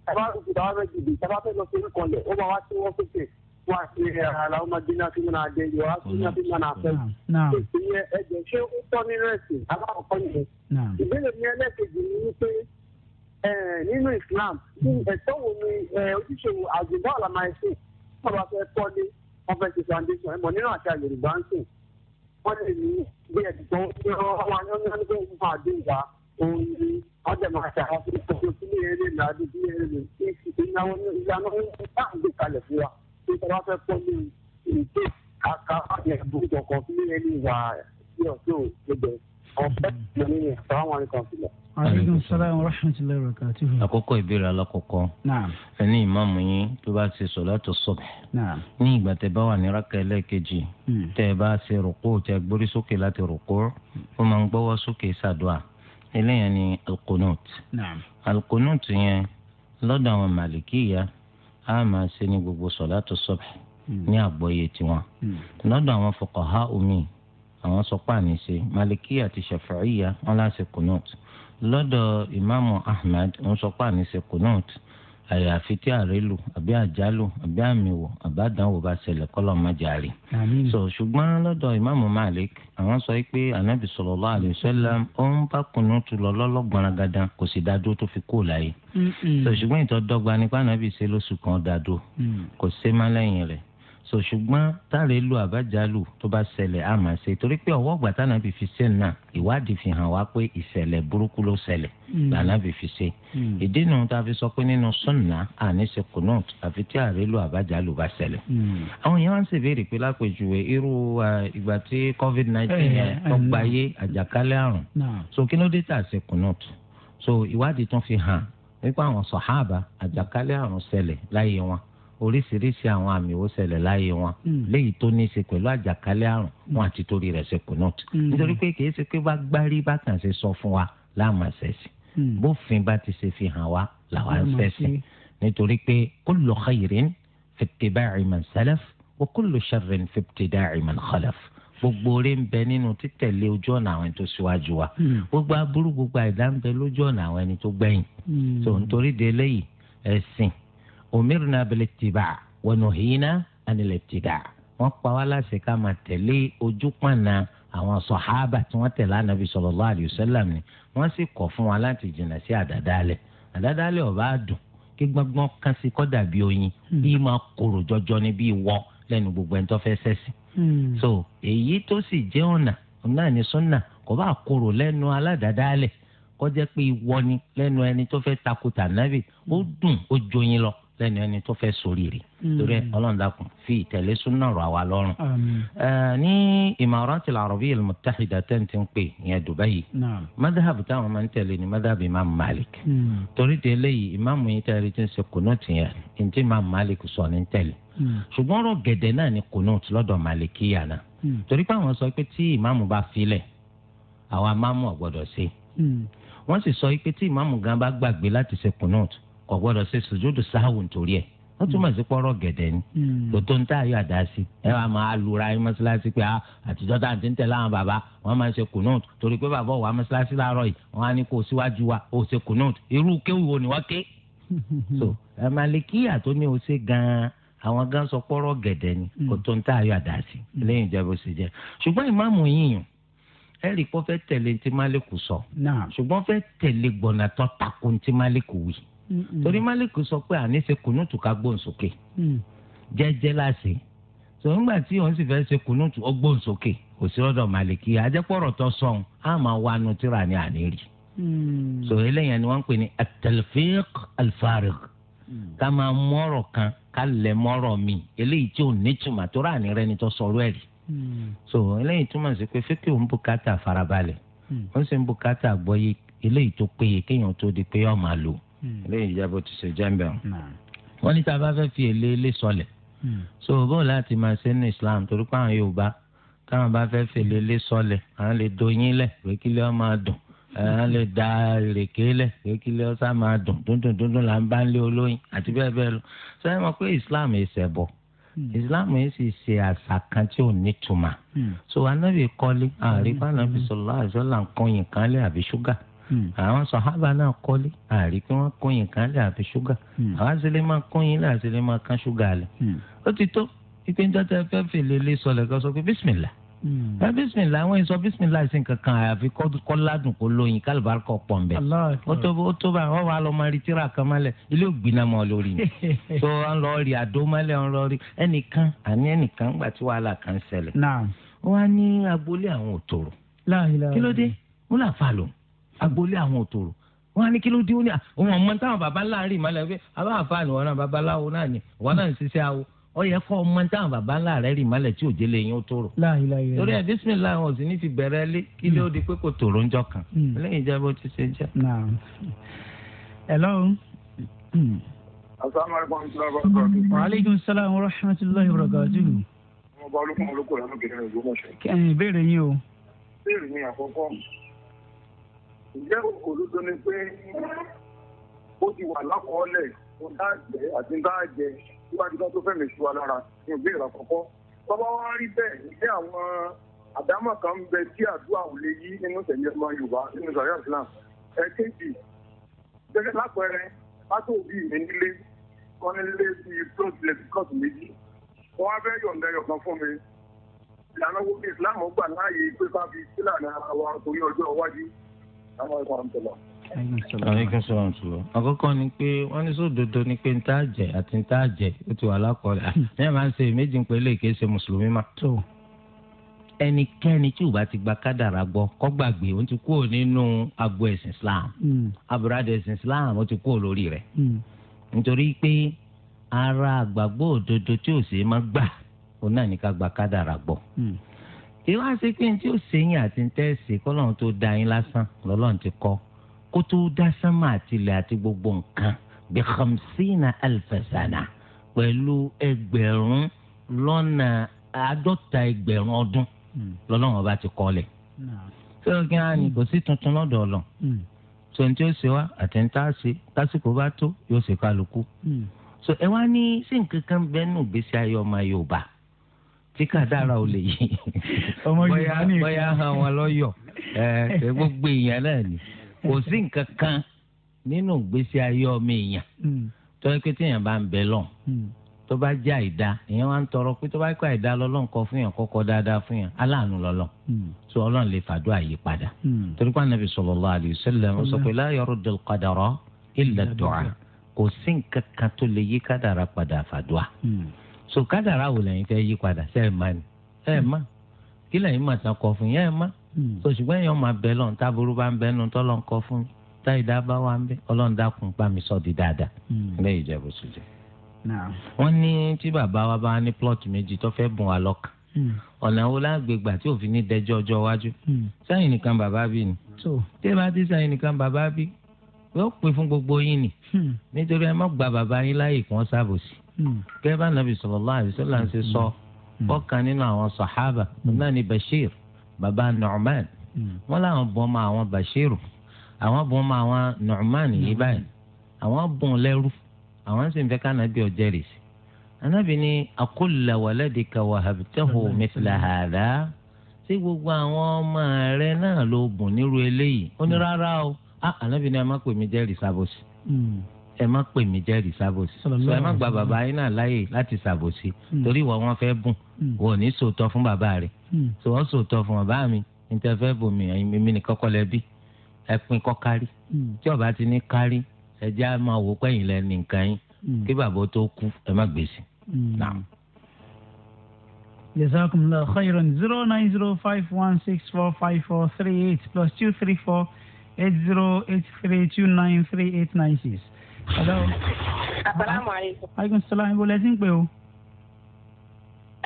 sábà ìdáwọ́ bẹ jìbì sábà fẹ́ lọ sí nǹkan lẹ̀ ó bá wá sí wọ́n sókè wá sí aláwọ̀mọ dínà tí mo náà dé yìí wá sí iná tí mo náà fẹ́ èsì yẹn ẹ̀jẹ̀ ṣé ó tọ́ nínú ẹ̀sìn alákọ̀ọ́kọ́ nìyẹn ìbéèrè mi ẹlẹ́ẹ̀kejì ni wípé nínú Islam ẹ̀tọ́ wo ni ojúṣe àjùbọ́ àlàmà ẹ̀sìn wọ́n bá fẹ́ kọ́lé wọ́n fẹ́ ṣe foundation ẹ̀mọ́ nínú àṣà Yorùbá ń sìn wọ́n lè ní bí ẹ̀dùn tó ń ọ̀dẹ̀ máa ṣe àwọn tó kọ́ sí ilé eré làádé sí eré rẹ̀ kí ìnáwó ìyanu bá ń gbé kalẹ̀ fún wa kí ìjọba fẹ́ pọ́ ní ìtò kàkà àti ẹ̀bùn ìjọkan sí ilé eré wà sí ọ̀sẹ̀ òkèdè ọ̀fẹ́ lórí rẹ̀ sàwọn àwọn kan sílẹ̀. aleykum salaam wa rahmatulahi wa barakatuhu. àkọ́kọ́ ìbéèrè alákọ̀ọ́kọ́ ẹni ìmáàmù yín tó bá ti sọ̀látù sọ̀bì ní ìgbà tẹ́ bá wà ní rákà ẹlẹ́ẹ̀kejì hmm. tẹ́ bá ṣe rùkú tẹ́ gbórí sókè láti rùkú ó máa ń gbọ́wọ́ sókè ṣàdúà eléyàn ni alqunut alqunut yẹn lọ́dọ̀ àwọn màlìkíyà á máa ṣe ní gbogbo sọ̀látù subh hmm. ní àgbọ́yé tiwọn hmm. lọ́dọ̀ àwọn fuqaha omi àwọn sọpá àníṣe malikiya àti shafi'iya wọn láṣẹ kunut lọ́dọ̀ imaamu ahmed ń sọpá àníṣe kunut àyàfi tí àrélù àbí àjálù àbí àmìwò àbádànwò bá ṣẹlẹ̀ kọ́lọ̀ má jàre. so ṣùgbọ́n lọ́dọ̀ ìmáàmù Malik àwọn sọ pé anabi sallallahu alaihi wasallam ó ń bá kùnú tu lọ lọ́lọ́gbọ̀nrán gàdán kò sì dádó tó fi kú láyé. so ṣùgbọ́n ìtọ́ dọ́gba nípa anabi ṣe lóṣù kan dádó mm. kò ṣe má lẹ́yìn rẹ̀ so ṣùgbọ́n táàrẹ lu àbájálù tó bá ṣẹlẹ̀ á máa ṣe torí pé ọwọ́ ọgbà táwọn àbí fi ṣe náà ìwádìí fi hàn wá pé ìṣẹ̀lẹ̀ burúkú ló ṣẹlẹ̀ hmm. làwọn àbí fi ṣe hmm. ìdí nu tá a fi sọ pé nínú sunna àní ṣe àfi tí ààrẹ lu àbájálù bá ṣẹlẹ̀. Hmm. àwọn èèyàn wá ń ṣèbéèrè pé lápèjúwe irú ìgbà tí covid nineteen eh, yẹn tó eh, eh. gbayé àjàkálẹ̀ àrùn so kí ló dé tà ṣe kùnúùtù so ìwádìí tún fi hàn nípa àwọn sàhábà àjàkálẹ̀ àrùn oríṣiríṣi àwọn àmì ó ṣẹlẹ̀ láyé wọn hmm. léyìí tó ní í ṣe pẹ̀lú àjàkálẹ̀ àrùn hmm. wọn àti torí rẹ̀ ṣe kùnọ́ọ̀tù hmm. nítorí pé kì í ṣe pé bá gbárí bákan ṣe sọ fún wa láàmú ṣẹ̀sìn bófin bá ti ṣe fi hàn wá làwa ń ṣẹ̀sìn nítorí pé kullu khayrin fi ittiba'i man salaf wa kullu sharrin fi ibtida'i man khalaf gbogbo oore ń bẹ nínú títẹ̀lé ojú ọ̀nà àwọn ẹni tó síwájú wa gbogbo aburú gbogbo àìdá lójú ọ̀nà àwọn ẹni tó gbẹ̀yìn tó nítorí de eléyìí ẹ̀sìn umirna bilittiba wa nuhina anil ibtida wọ́n pa wá láṣẹ ká máa tẹ̀lé ojú pàna àwọn sọ̀hábà tí wọ́n tẹ̀lé ànábì sallallahu alayhi wa sallam ni wọ́n sì kọ̀ fún wa láti jìnnà sí àdàdálẹ̀ àdàdálẹ̀ ó dùn kí gbọ́ngbọ́n kan sí kọ́ dàbí oyin bí hmm. máa korò jọjọ ni bí wọ́ lẹ́nu gbogbo ẹni tó fẹ́ sẹ́sìn. Hmm. so èyí tó sì jẹ́ ọ̀nà náà ni sunna kò bá korò lẹ́nu aládàdálẹ̀ kọjá pé ìwọ ni lẹ́nu ẹni tó fẹ́ takuta nábì ó hmm. dùn ó joyin lọ lẹ́nu ẹni tó fẹ́ ṣoríire hmm. torí ọlọ́run dákun fi ìtẹ̀lé súnà rọ̀ àwa lọ́rùn. ní Imaratil Arabiyya al-Muttahida tẹ́ ń ti ń pè ìyẹn Dubai madhab táwọn máa ń tẹ̀lé ni madhab imam Malik hmm. torí de eléyìí imam yìí tẹ̀lé ti ń ṣe kunut yẹn ní ti imam Malik sọ ní tẹ̀lé hmm. ṣùgbọ́n ọ̀rọ̀ gẹ̀dẹ̀ náà ni kunut lọ́dọ̀ Malikiya náà torí pé sọ pé tí imam bá filẹ̀ àwọn amámù ọ̀gbọ́dọ̀ ṣe wọ́n sì sọ pé tí imam gan bá gbàgbé láti ṣe kunut kò gbọ́dọ̀ ṣe sùjúdù sáhùn torí ẹ̀ wọ́n mm. túmọ̀ sí pọ́rọ̀ gẹ̀dẹ̀ ni mm. tòótọ́ ń tààyò àdáṣe ẹ wàá máa lura ẹ mọ́ṣáláṣí pé ah, àtijọ́ tá à ń ti ń àwọn bàbá wọ́n máa ń ṣe kùnúùt torí pé bàbá wa mọ́ṣáláṣí láàárọ̀ yìí wọ́n á ní kó síwájú wa ó ṣe kùnúùt irú kéwì wo ni wọ́n ké. so màlìkíyà tó ní o ṣe gan-an àwọn gan sọ pọ́rọ̀ gẹ̀dẹ̀ ni kò tó ń tààyò àdáṣe lẹ́yìn ìjọba ó ṣe jẹ́ ṣùgbọ́n ìmáàmù torí málìkù sọ pé àní ṣe kùnú tù ká gbóhùn sókè mm. jẹ́jẹ́ láṣẹ sọ nígbà tí òun sì fẹ́ ṣe kùnú tù ó gbóhùn sókè kò sí ọ̀dọ̀ màlìkì àjẹpọ̀rọ̀ tó sọ̀hún á máa wá nu tíra ní àní rí mm. so eléyàn ni wọ́n ń pè ní atalfiq alfarig mm. ká máa mọ́rọ̀ kan ká lẹ̀ mọ́rọ̀ mi eléyìí tí ò ní tùmọ̀ tó rà ní rẹni tó sọ̀rọ̀ ẹ̀ rí so eléyìí túmọ̀ sí pé fíkì òun bùkátà farabalẹ̀ wọ́n sì ń bùkátà gbọ́yé eléyìí tó péye kéèyàn tó di pé ọ̀ máa lò. Hmm. eléyìí jẹ́ bó ti ṣe jẹ́ ń bẹ̀ wọ́n. ní tá fẹ́ fi èlé ilé sọlẹ̀ hmm. so bó láti máa ṣe ní Islam torí pé àwọn Yorùbá táwọn bá fẹ́ fi èlé ilé sọlẹ̀ àwọn lè doyin lẹ̀ pé kí lè máa dùn àwọn lè da ìrèké lẹ̀ pé kí lè sá máa dùn dúndùn dúndùn là ń bá ń lé olóyin àti bẹ́ẹ̀ bẹ́ẹ̀ lọ sẹ́yìn mọ̀ pé Islam ẹ̀ sẹ̀ bọ̀ hmm. islam yìí sì ṣe àṣà kan tí ò ní tuma so anabi kọ́lé àríkọ́ anabi sọ̀rọ̀ àṣọ là ń kọyìn kan lé àbí Hmm. àwọn sọ̀hábà náà kọ́lé àrí kí wọ́n kóyin kan hmm. lè àfi ṣúgà àwọn àṣẹlẹ̀ máa kóyin lè àṣẹlẹ̀ máa kán ṣúgà lẹ̀ hmm. ó ti tó ipe ń tọ́tẹ́ fẹ́ fèlè lé sọlẹ̀ kan sọ pé bísímìlà bẹ́ẹ̀ bísímìlà àwọn èso bísímìlà sí kankan àfi kọ́ ládùn kó lóyin kálíbárì kọ́ pọ̀ nbẹ ó tó bá wọn wà lọ máa rí tíra kan mọ́lẹ̀ ilé ògbìnà mọ́ lórí ni tó ń lọ rí àdó mọ́lẹ̀ ń lọ rí ẹnìkan àní ẹnìkan gbà tí wàhálà kan ṣẹlẹ̀ wọ́n á ní agboolé àwọn òtòrò kí ló dé wọ́n là fà lóhùn agboolé àwọn òtòrò wọn á ní kí ló dé ó ní àwọn ọmọ táwọn baba ńlá rí ìmọ̀lẹ́ pé abá àfààní wọn náà babaláwo náà ni wọn náà ń ṣiṣẹ́ awo ó yẹ kó ọmọ táwọn baba ńlá rẹ rí ìmọ̀lẹ́ tí òjé lè yín ó tòrò. torí ẹ bísímìlá wọn ò sì ní fi bẹ̀rẹ̀ lé kí ló hmm. di pé kò tòrò ńjọ kan hmm. lẹ́yìn ìjà bó ti ṣe jẹ́. hello. asalaamualeykum. waaleykum hmm. salaam wa rahmatulahi wa barakatuhu ọba ìbéèrè yín o. ìbéèrè mi àkọ́kọ́ ǹjẹ́ òdodo ni pé ó ti wà lákọọ́lẹ̀ ọ̀dáàjẹ́ àti ńdáàjẹ́ síwájú kan tó fẹ́mi ṣu alára ní ìbéèrè àkọ́kọ́ bàbá wa rí bẹ́ẹ̀ ǹjẹ́ àwọn àdámọ̀ kan ń bẹ tí àdúrà ò lè yí nínú tẹ̀lé ọmọ Yorùbá nínú sàrí àfihàn ẹ̀kejì gẹ́gẹ́ lápẹẹrẹ pátó òbí mi nílé kan nílé ti front left cut méjì wọ́n á fẹ́ yọ̀ǹda ẹyọ̀kan fún mi ìlànà wo ni Islam gbà láàyè pé ká fi sílànà ara wa torí ọjọ́ iwájú àkọ́kọ́ ni pé wọ́n ní sódodo ni pé nta jẹ àti nta jẹ ó ti wà lákọọ́lẹ̀ ẹ̀ máa ń ṣe méjì ń pé lè kéé ṣe mùsùlùmí mà. ẹnikẹ́ni tí ò bá ti gba kádàrà gbọ́ kọ́ gbàgbé ó ti kúrò nínú agbo ẹ̀sìn Islam aburada hmm. ẹ̀sìn Islam ó ti kúrò lórí rẹ̀ hmm. nítorí pé ara àgbàgbọ́ òdodo tí ò sí máa gbà òun náà ní ká gba kádàrà gbọ́. Mm. èyí wá sí pé ní tí ó sèyìn àti ní tẹ́sí kọ́lọ́run tó da yín lásán lọ́lọ́run ti kọ́ kó tó dá sánmà àti ilẹ̀ àti gbogbo nǹkan bí khamsina alfasana pẹ̀lú ẹgbẹ̀rún lọ́nà àádọ́ta ẹgbẹ̀rún ọdún hmm. lọ́lọ́run ọba ti kọ́ lẹ̀. ṣé o kí á ní hmm. kò sí tuntun lọ́dọ̀ ọ̀lọ́ hmm. so ní tí ó ṣe wá àti ní tá a ṣe tásìkò bá tó yóò ṣe kálukú. so ẹ wá ní sí nǹkan kan bẹ́ẹ̀ nù gbèsè ayé ọmọ Yorùbá tí kàdára ò lè yí bóyá bóyá hàn wọn lọ́yọ̀ ẹ gbogbo èèyàn náà ni kò sí nǹkan kan nínú ìgbésí ayé ọmọ èèyàn hmm. tó yẹ pé téèyàn bá ń bẹ lọ hmm. tó bá jẹ́ àìda èèyàn wá ń tọrọ pé tó bá kọ àìda lọ́lọ́ nǹkan fún yàn kọ́kọ́ dáadáa fún yàn aláàánú lọ́lọ́ tó hmm. ọlọ́run lè fàdó àyè padà torí pé anabi sallallahu alaihi wasallam ó sọ pé la yaruddul qadara illa du'a kò sí nǹkan kan tó lè yí kádàrá padà fàdó à so kádàrá wò lẹ́yìn fẹ́ yí padà sẹ́ẹ̀ má ni sẹ́ẹ̀ hmm. má kí lẹ́yìn má san kọ fún yẹ́ ẹ̀ má so ṣùgbọ́n èèyàn máa bẹ lọ́n táburú bá ń bẹ nu tọ́lọ́ ń kọ fún mi táyidá bá wà ń bẹ ọlọ́run dákun pa mi sọ di dáadáa lẹ́yìn ìjẹ́bù sílẹ̀. wọ́n ní tí bàbá wa bá ní plọ́ọ̀tì méjì tó fẹ́ bùn wa lọ́kàn hmm. ọ̀nà wo lágbègbà tí òfin ní dẹjọ́ ọjọ́ iwájú hmm. sẹ́yìn nìkan bàbá bí Hmm. gẹ́gẹ́ bá nàbì sallallahu alaihi wasallam ṣe sọ bọ́kàn hmm. nínú àwọn sàhábà náà ni Bashir baba Nu'man hmm. wọ́n láwọn bọ́ ọmọ àwọn Bashir àwọn bọ́ ọmọ àwọn Nu'man yìí báyìí àwọn bùn lẹ́rú àwọn sì ń fẹ́ ká nàbì ọ̀jẹ̀ rè sí anabi ni akulla waladika wahabtahu mithla hadha ṣé gbogbo àwọn ọmọ rẹ náà ló bùn nírú eléyìí ó ní rárá o ah, ni a má pè mí jẹ́rìí sábòsì ẹ má pè mí jẹ́rìí ṣàbòsí so ẹ má gba bàbá yín náà láàyè láti ṣàbòsí hmm. torí ìwọ wọn fẹ́ bùn hmm. wọn ò ní sòótọ́ fún bàbá rẹ̀ hmm. so wọ́n sòótọ́ fún bàbá mi níta fẹ́ bò mí èmi nìkan kọ́ lẹ ẹ pin kọ́ kárí tí ọba ti ní kárí ẹ jẹ́ á máa wò pẹ́yìn lẹ nìkan yín kí bàbá tó kú ẹ má gbèsè. jazakumullahu khairan zero nine zero five one six four five four three eight plus two three four eight zero eight three two nine three eight nine six asalaamualeykum. aleykum salaam ibo lẹ ti ń pè o.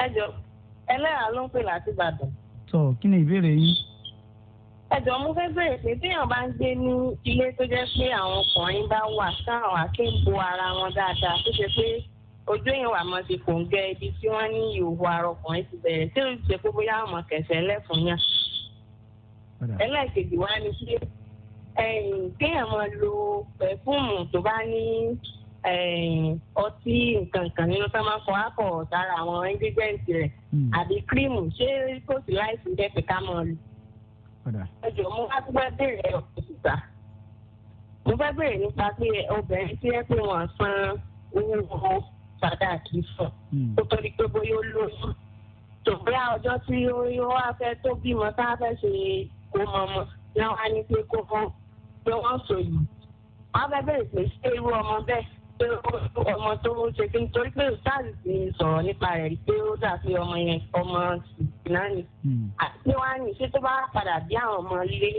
ẹ jọ ẹlẹ́yà ló ń pè láti Ìbàdàn. sọ kí ni ìbéèrè yín. ẹ jọ mo fẹ́ bèèrè pé téèyàn bá ń gbé ní ilé tó jẹ́ pé àwọn ọkùnrin bá wà sáwọn akéèbo ara wọn dáadáa tó ṣe pé ojú èèyàn wà mọ́ ti kò ń gẹ ibi tí wọ́n ní ìhòòhò ara ọkùnrin ti bẹ̀rẹ̀ tí ó ṣe pé bóyá ọmọ kẹsẹ̀ ẹlẹ́fun yàn. ẹlẹ́ẹ̀kejì wá ni kí kéèyàn máa lo pẹ̀fúùmù tó bá ní ọtí nǹkan kan nínú tó máa ń fọ akọ sára àwọn ingredients rẹ̀ hmm. àbí kírìmù ṣé kò sí láìsí dẹ́pẹ̀ ká máa lò. ọjọ́ mo wá gbọ́ bèrè ọ̀pọ̀ síta mo fẹ́ bèrè nípa pé obìnrin tí ẹ pé wọ́n san owó pàtàkì fún hmm. tó torí pé bóyá ó lóyún tó bóyá ọjọ́ tí ó wá fẹ́ tó bímọ tá a fẹ́ ṣe kó mọ ọmọ náà wá ní pé kó hàn pé wọ́n sọ yìí wọ́n fẹ́ bẹ̀rẹ̀ pé ṣé irú ọmọ bẹ́ẹ̀ pé ọmọ tó ṣe kí n torí pé sáàsì ti sọ̀rọ̀ nípa rẹ̀ rí pé ó dàbí ọmọ yẹn ọmọ náà ni hmm. àti wọ́n á ní ṣé tó bá padà bí àwọn ọmọ lé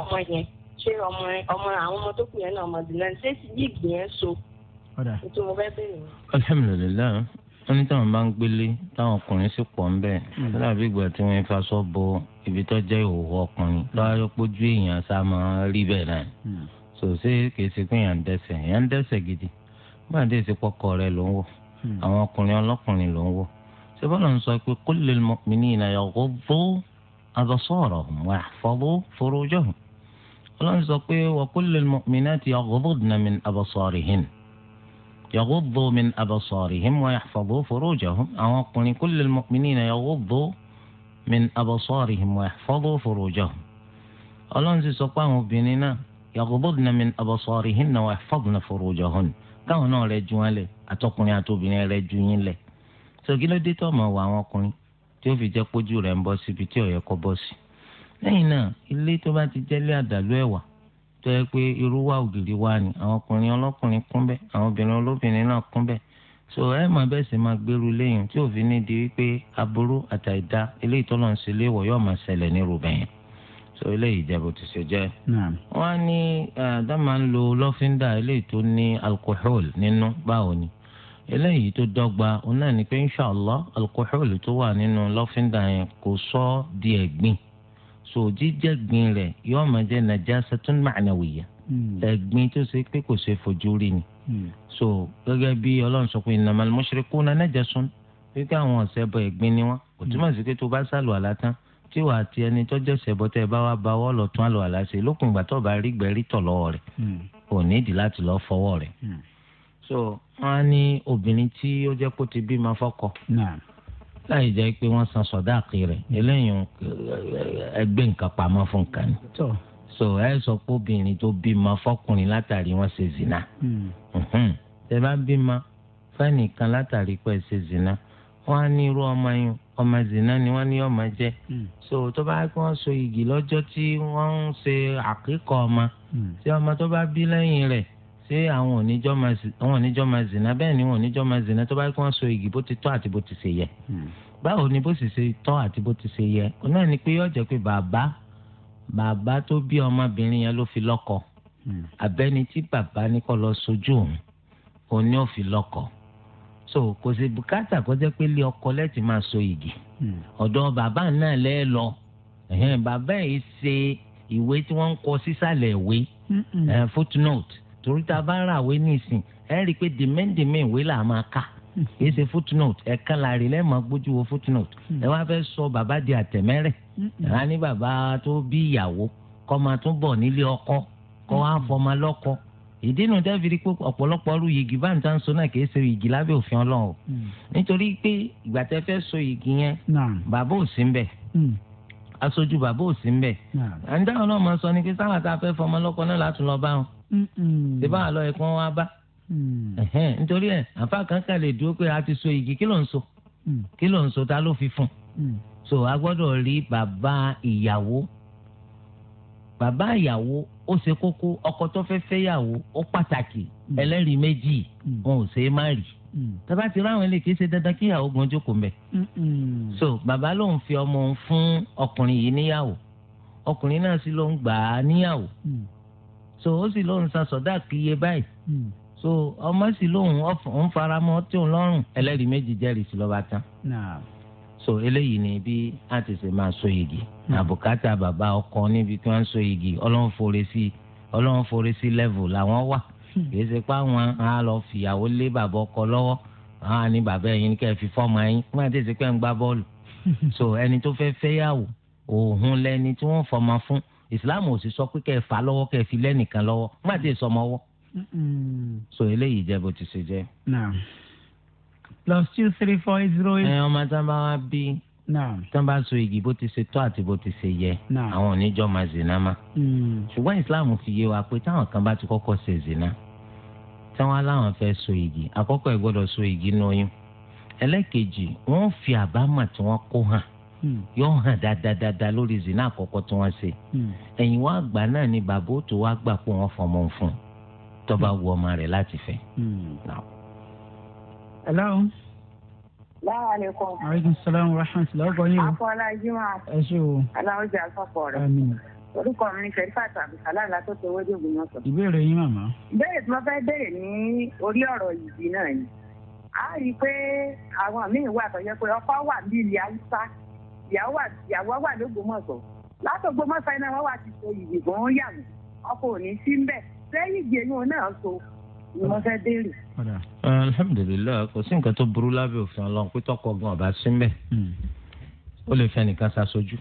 ọmọ yẹn ṣé ọmọ ọmọ àwọn ọmọ tó kù yẹn náà ọmọ dìnnà ṣé sì bí ìgbìyànjú so. ọ̀dà alhamdulilayi wọ́n ní táwọn máa ń gbélé táwọn ọkùnrin sì pọ̀ ń bẹ̀ lábẹ́ hmm. ìgbà tí wọ́n fa sọ bo ibi tó jẹ́ ìhòòhò ọkùnrin lọ́wọ́ pójú èèyàn sá máa rí bẹ́ẹ̀ náà hmm. sòsé kìí ṣe pé èèyàn ń dẹ́ṣẹ̀ èèyàn ń dẹ́ṣẹ̀ gidi báyìí dé ṣe pọkọ rẹ ló ń wò hmm. àwọn ọkùnrin ọlọ́kùnrin ló ń wò ṣé bọ́lá ń sọ pé kul lil mu'minina yaghuddu absarahum wa yahfazu furujahum yaghuddu min abasarihim wa yahfadhu furujahum àwọn ọkùnrin kullil mu'minina yaghuddu min abasarihim wa yahfadhu furujahum ọlọ́run sì sọ pé àwọn obìnrin náà yaghuddna min abasarihinna wa yahfadhna furujahun káwọn náà rẹ̀ ju wọn lẹ̀ àtọkùnrin àtobìnrin rẹ̀ ju yín lẹ̀ sọ̀gí ló dé tó ọmọ wà àwọn ọkùnrin tí ó fi jẹ́ pójú rẹ̀ ń bọ́ síbi tí ó yẹ bọ́ sí lẹ́yìn náà ilé tó bá ti jẹ́lé àdàlú ẹ̀wà tó yẹ pé irú wa ògiri wa ni àwọn ọkùnrin ọlọ́kùnrin kún bẹ́ẹ̀ àwọn obìnrin olóbìnrin náà kún bẹ́ẹ̀ so ẹ máa bẹ́ẹ̀ sì máa gbèrú léyìn tí òfin ní di wípé aburú àtàìdá eléyìí tó lọ́n ṣe léwọ̀ yóò máa ṣẹlẹ̀ ní rubẹ̀yìn so eléyìí jẹ́ bó ti ṣe jẹ́. wọ́n á ní dá máa ń lo lọ́fíńdà eléyìí tó ní alkohol nínú báwo ni eléyìí tó dọ́gba òun náà ni pé inshàlá alkohol tó wà nínú lọ́fíńdà yẹn kò sọ di ẹ̀gbin so jíjẹ̀gbin rẹ̀ yóò máa jẹ́ najasatun ma'nawiyya hmm. ẹ̀gbin tó ṣe pé kò ṣe fojú rí ni hmm. so gẹ́gẹ́ bí ọlọ́run sọ pé innamal mushrikuna najasun wípé àwọn ọ̀sẹ̀ bọ ẹ̀gbin ni wọ́n kò túmọ̀ sí pé tó bá sálù àlá tán tí wàá àti ẹni tọ́jọ́ ṣẹ̀bọ tẹ́ ẹ bá wá bá wọ́ọ̀lọ̀ tún àlọ́ àlá ṣe lókun ìgbà tó bá rí tọ̀ lọ́wọ́ rẹ̀ hmm. ò nídìí láti lọ́ọ́ fọwọ́ rẹ̀ so wọ́n á ní obìnrin tí ó jẹ́ kó ti bímọ fọ́kọ láì jẹ́ pé wọ́n san sọ̀dáàkì rẹ̀ eléyìí ẹgbẹ́ nǹkan pamọ́ fún nǹkan ni. so ẹ sọ pé obìnrin tó bímọ fọkùnrin látàrí wọn ṣe zina. ṣe hmm. bá bímọ fẹ́nìkan látàrí pé ṣe zina wọ́n á ní irú ọmọ yẹn ọmọ zina ni wọ́n ní ọmọ jẹ́. Hmm. so tó bá kí wọ́n so igi lọ́jọ́ tí wọ́n ń ṣe àkíkọ̀ ọmọ hmm. tí ọmọ tó bá bí lẹ́yìn rẹ̀ ṣé àwọn oníjọ́ máa zìnà bẹ́ẹ̀ ni wọn oníjọ́ máa zìnà tó bá kí wọ́n so igi bó ti tọ́ àti bó ti ṣe yẹ hmm. báwo ni bó sì ṣe tọ́ àti bó ti ṣe yẹ náà ni pé yóò jẹ́ pé bàbá bàbá tó bí ọmọbìnrin yẹn ló fi lọ́kọ hmm. abẹ́ni tí bàbá ní kọ́ lọ sojú òun òun ni fi lọ́kọ so kò sí bùkátà kó jẹ́ pé lé ọkọ lẹ́tì máa so igi hmm. ọ̀dọ̀ bàbá náà lẹ́ẹ̀ lọ bàbá yìí ṣe ìwé tí wọ́n kọ sísàlẹ̀ ìwé footnote torí tá a bá ra àwé nísìn ẹ rí i pé dèmẹ́ǹdèmẹ́ ìwé là máa kà hmm. kì ṣe footnote ẹ̀ka láàrin lẹ́ẹ̀mọ́ gbójú wo footnote hmm. ẹ wá fẹ́ sọ bàbá di àtẹ̀mẹ́rẹ̀ hmm. ẹ̀ á ní bàbá tó bí ìyàwó kọ́ máa tún bọ̀ nílé ọkọ kọ́ wá fọmọ lọ́kọ ìdínú dẹ́fìrí pé ọ̀pọ̀lọpọ̀ ọrú yìí bá ń tán so náà kìí ṣe yìgì lábẹ́ òfin ọlọ́run o nítorí pé ìgbà tẹ́ fẹ́ so yìgì yẹn bàbá ò sí ń aṣojú bàbá ò sí ń ẹ̀ ń dáhùn náà máa sọ ni pé sáwọn tá a fẹ́ náà látún lọ bá wọn ṣèbá àlọ ẹ̀kọ́ wọn bá mm. nítorí ẹ̀ àfa kankan lè dúró pé a ti so igi kí ló ń so mm. kí ló ń so ta ló fi fún mm. so a gbọ́dọ̀ rí bàbá ìyàwó bàbá ìyàwó ó ṣe kókó ọkọ tó fẹ́ fẹ́yàwó ó pàtàkì ẹlẹ́rìí méjì wọn ò ṣe é má rí tọ́ba ti ráwọn ilé kìí ṣe dandan kí ìyàwó gan jókòó mbẹ. so bàbá ló ń fi ọmọ òun fún ọkùnrin yìí níyàwó ọkùnrin náà sì ló ń gbà á níyàwó so ó sì lóun san sọdá kì í yé báyìí hmm. so ọmọ sì lóun ń faramọ́ tí òun lọ́rùn ẹlẹ́rìí méjì jẹ́rìí sí lọ́ba tán so eléyìí ni bí a ti ṣe máa so igi hmm. àbùkátà bàbá ọkọ níbi tí wọ́n ń so igi ọlọ́run forí sí ọlọ́run forí sí level làwọn wà hmm. kìí ṣe pé àwọn á lọ fìyàwó lé bàbá ọkọ lọ́wọ́ àwọn àní bàbá ẹ̀yin kẹ́ ẹ fi fọ́ọ̀mù ẹ̀yin wọ́n àti ṣe pé ń gbá bọ́ọ̀lù so ẹni tó fẹ́ fẹ́yàwó òun lẹni tí wọ́n fọmọ fún ìsìláàmù ò sì sọ pé kẹ́ ẹ fà lọ́wọ́ kẹ́ ẹ fi lẹ́nìkan lọ́wọ́ má ti sọ ọmọ wọ́. so eléyìí jẹ́ bó ti ṣe jẹ́. plus two three four zero eight. ẹ ọmọ tí wá bí tí so igi bó ti ṣe tó àti bó ti ṣe yẹ àwọn oníjọ máa zina ma. Mm. ṣùgbọ́n ìsìláàmù fi yé wa pé táwọn kan bá ti kọ́kọ́ ṣe zina táwọn aláwọn fẹ́ so igi àkọ́kọ́ ẹ̀ gbọ́dọ̀ so igi nù oyún ẹlẹ́kejì wọ́n fi àbámọ̀ tí wọ́n kó hàn Hmm. yóò hàn dáadáa lórí zina àkọ́kọ́ tí wọ́n ṣe hmm. ẹ̀yìn wá gbà náà ni bàbá tó wá gbà pé wọ́n fọmọ fún tó bá hmm. wù ọmọ rẹ̀ láti fẹ́. hello. láàlẹ́kọ̀. aleykum salaam wa rahmatulah ọkọ yín o. akọ́lá jimá. ẹ ṣe o. aláwọ̀ jẹ́ àkọ́kọ́ rẹ̀. àmín orúkọ mi ni Sherifat Abdulsalam látòkè wẹ́dẹ̀ ògbómọ̀ṣọ́. ìbéèrè yín màmá. ìbéèrè tí wọ́n fẹ́ béèrè ní orí ọ̀rọ̀ yìí náà ni a rí i pé àwọn míì wà tó pé ọkọ wà ní ilẹ̀ haúsá ìyàwó wà lógbómọ̀ṣọ́ látògbómọ̀ṣọ́ iná wọn wá ti so ìdìbò ń yà mí ọkọ ò ní sí ń bẹ̀ lẹ́yìn ìgbéyàwó náà so ni wọ́n fẹ́ béèrè. alhamdulilayi kò sí nǹkan tó burú lábẹ́ òfin ọlọ́run pé tọkọ gan ọba sí ń bẹ̀ hmm. ó lè fẹ́ nìkan ṣaṣojú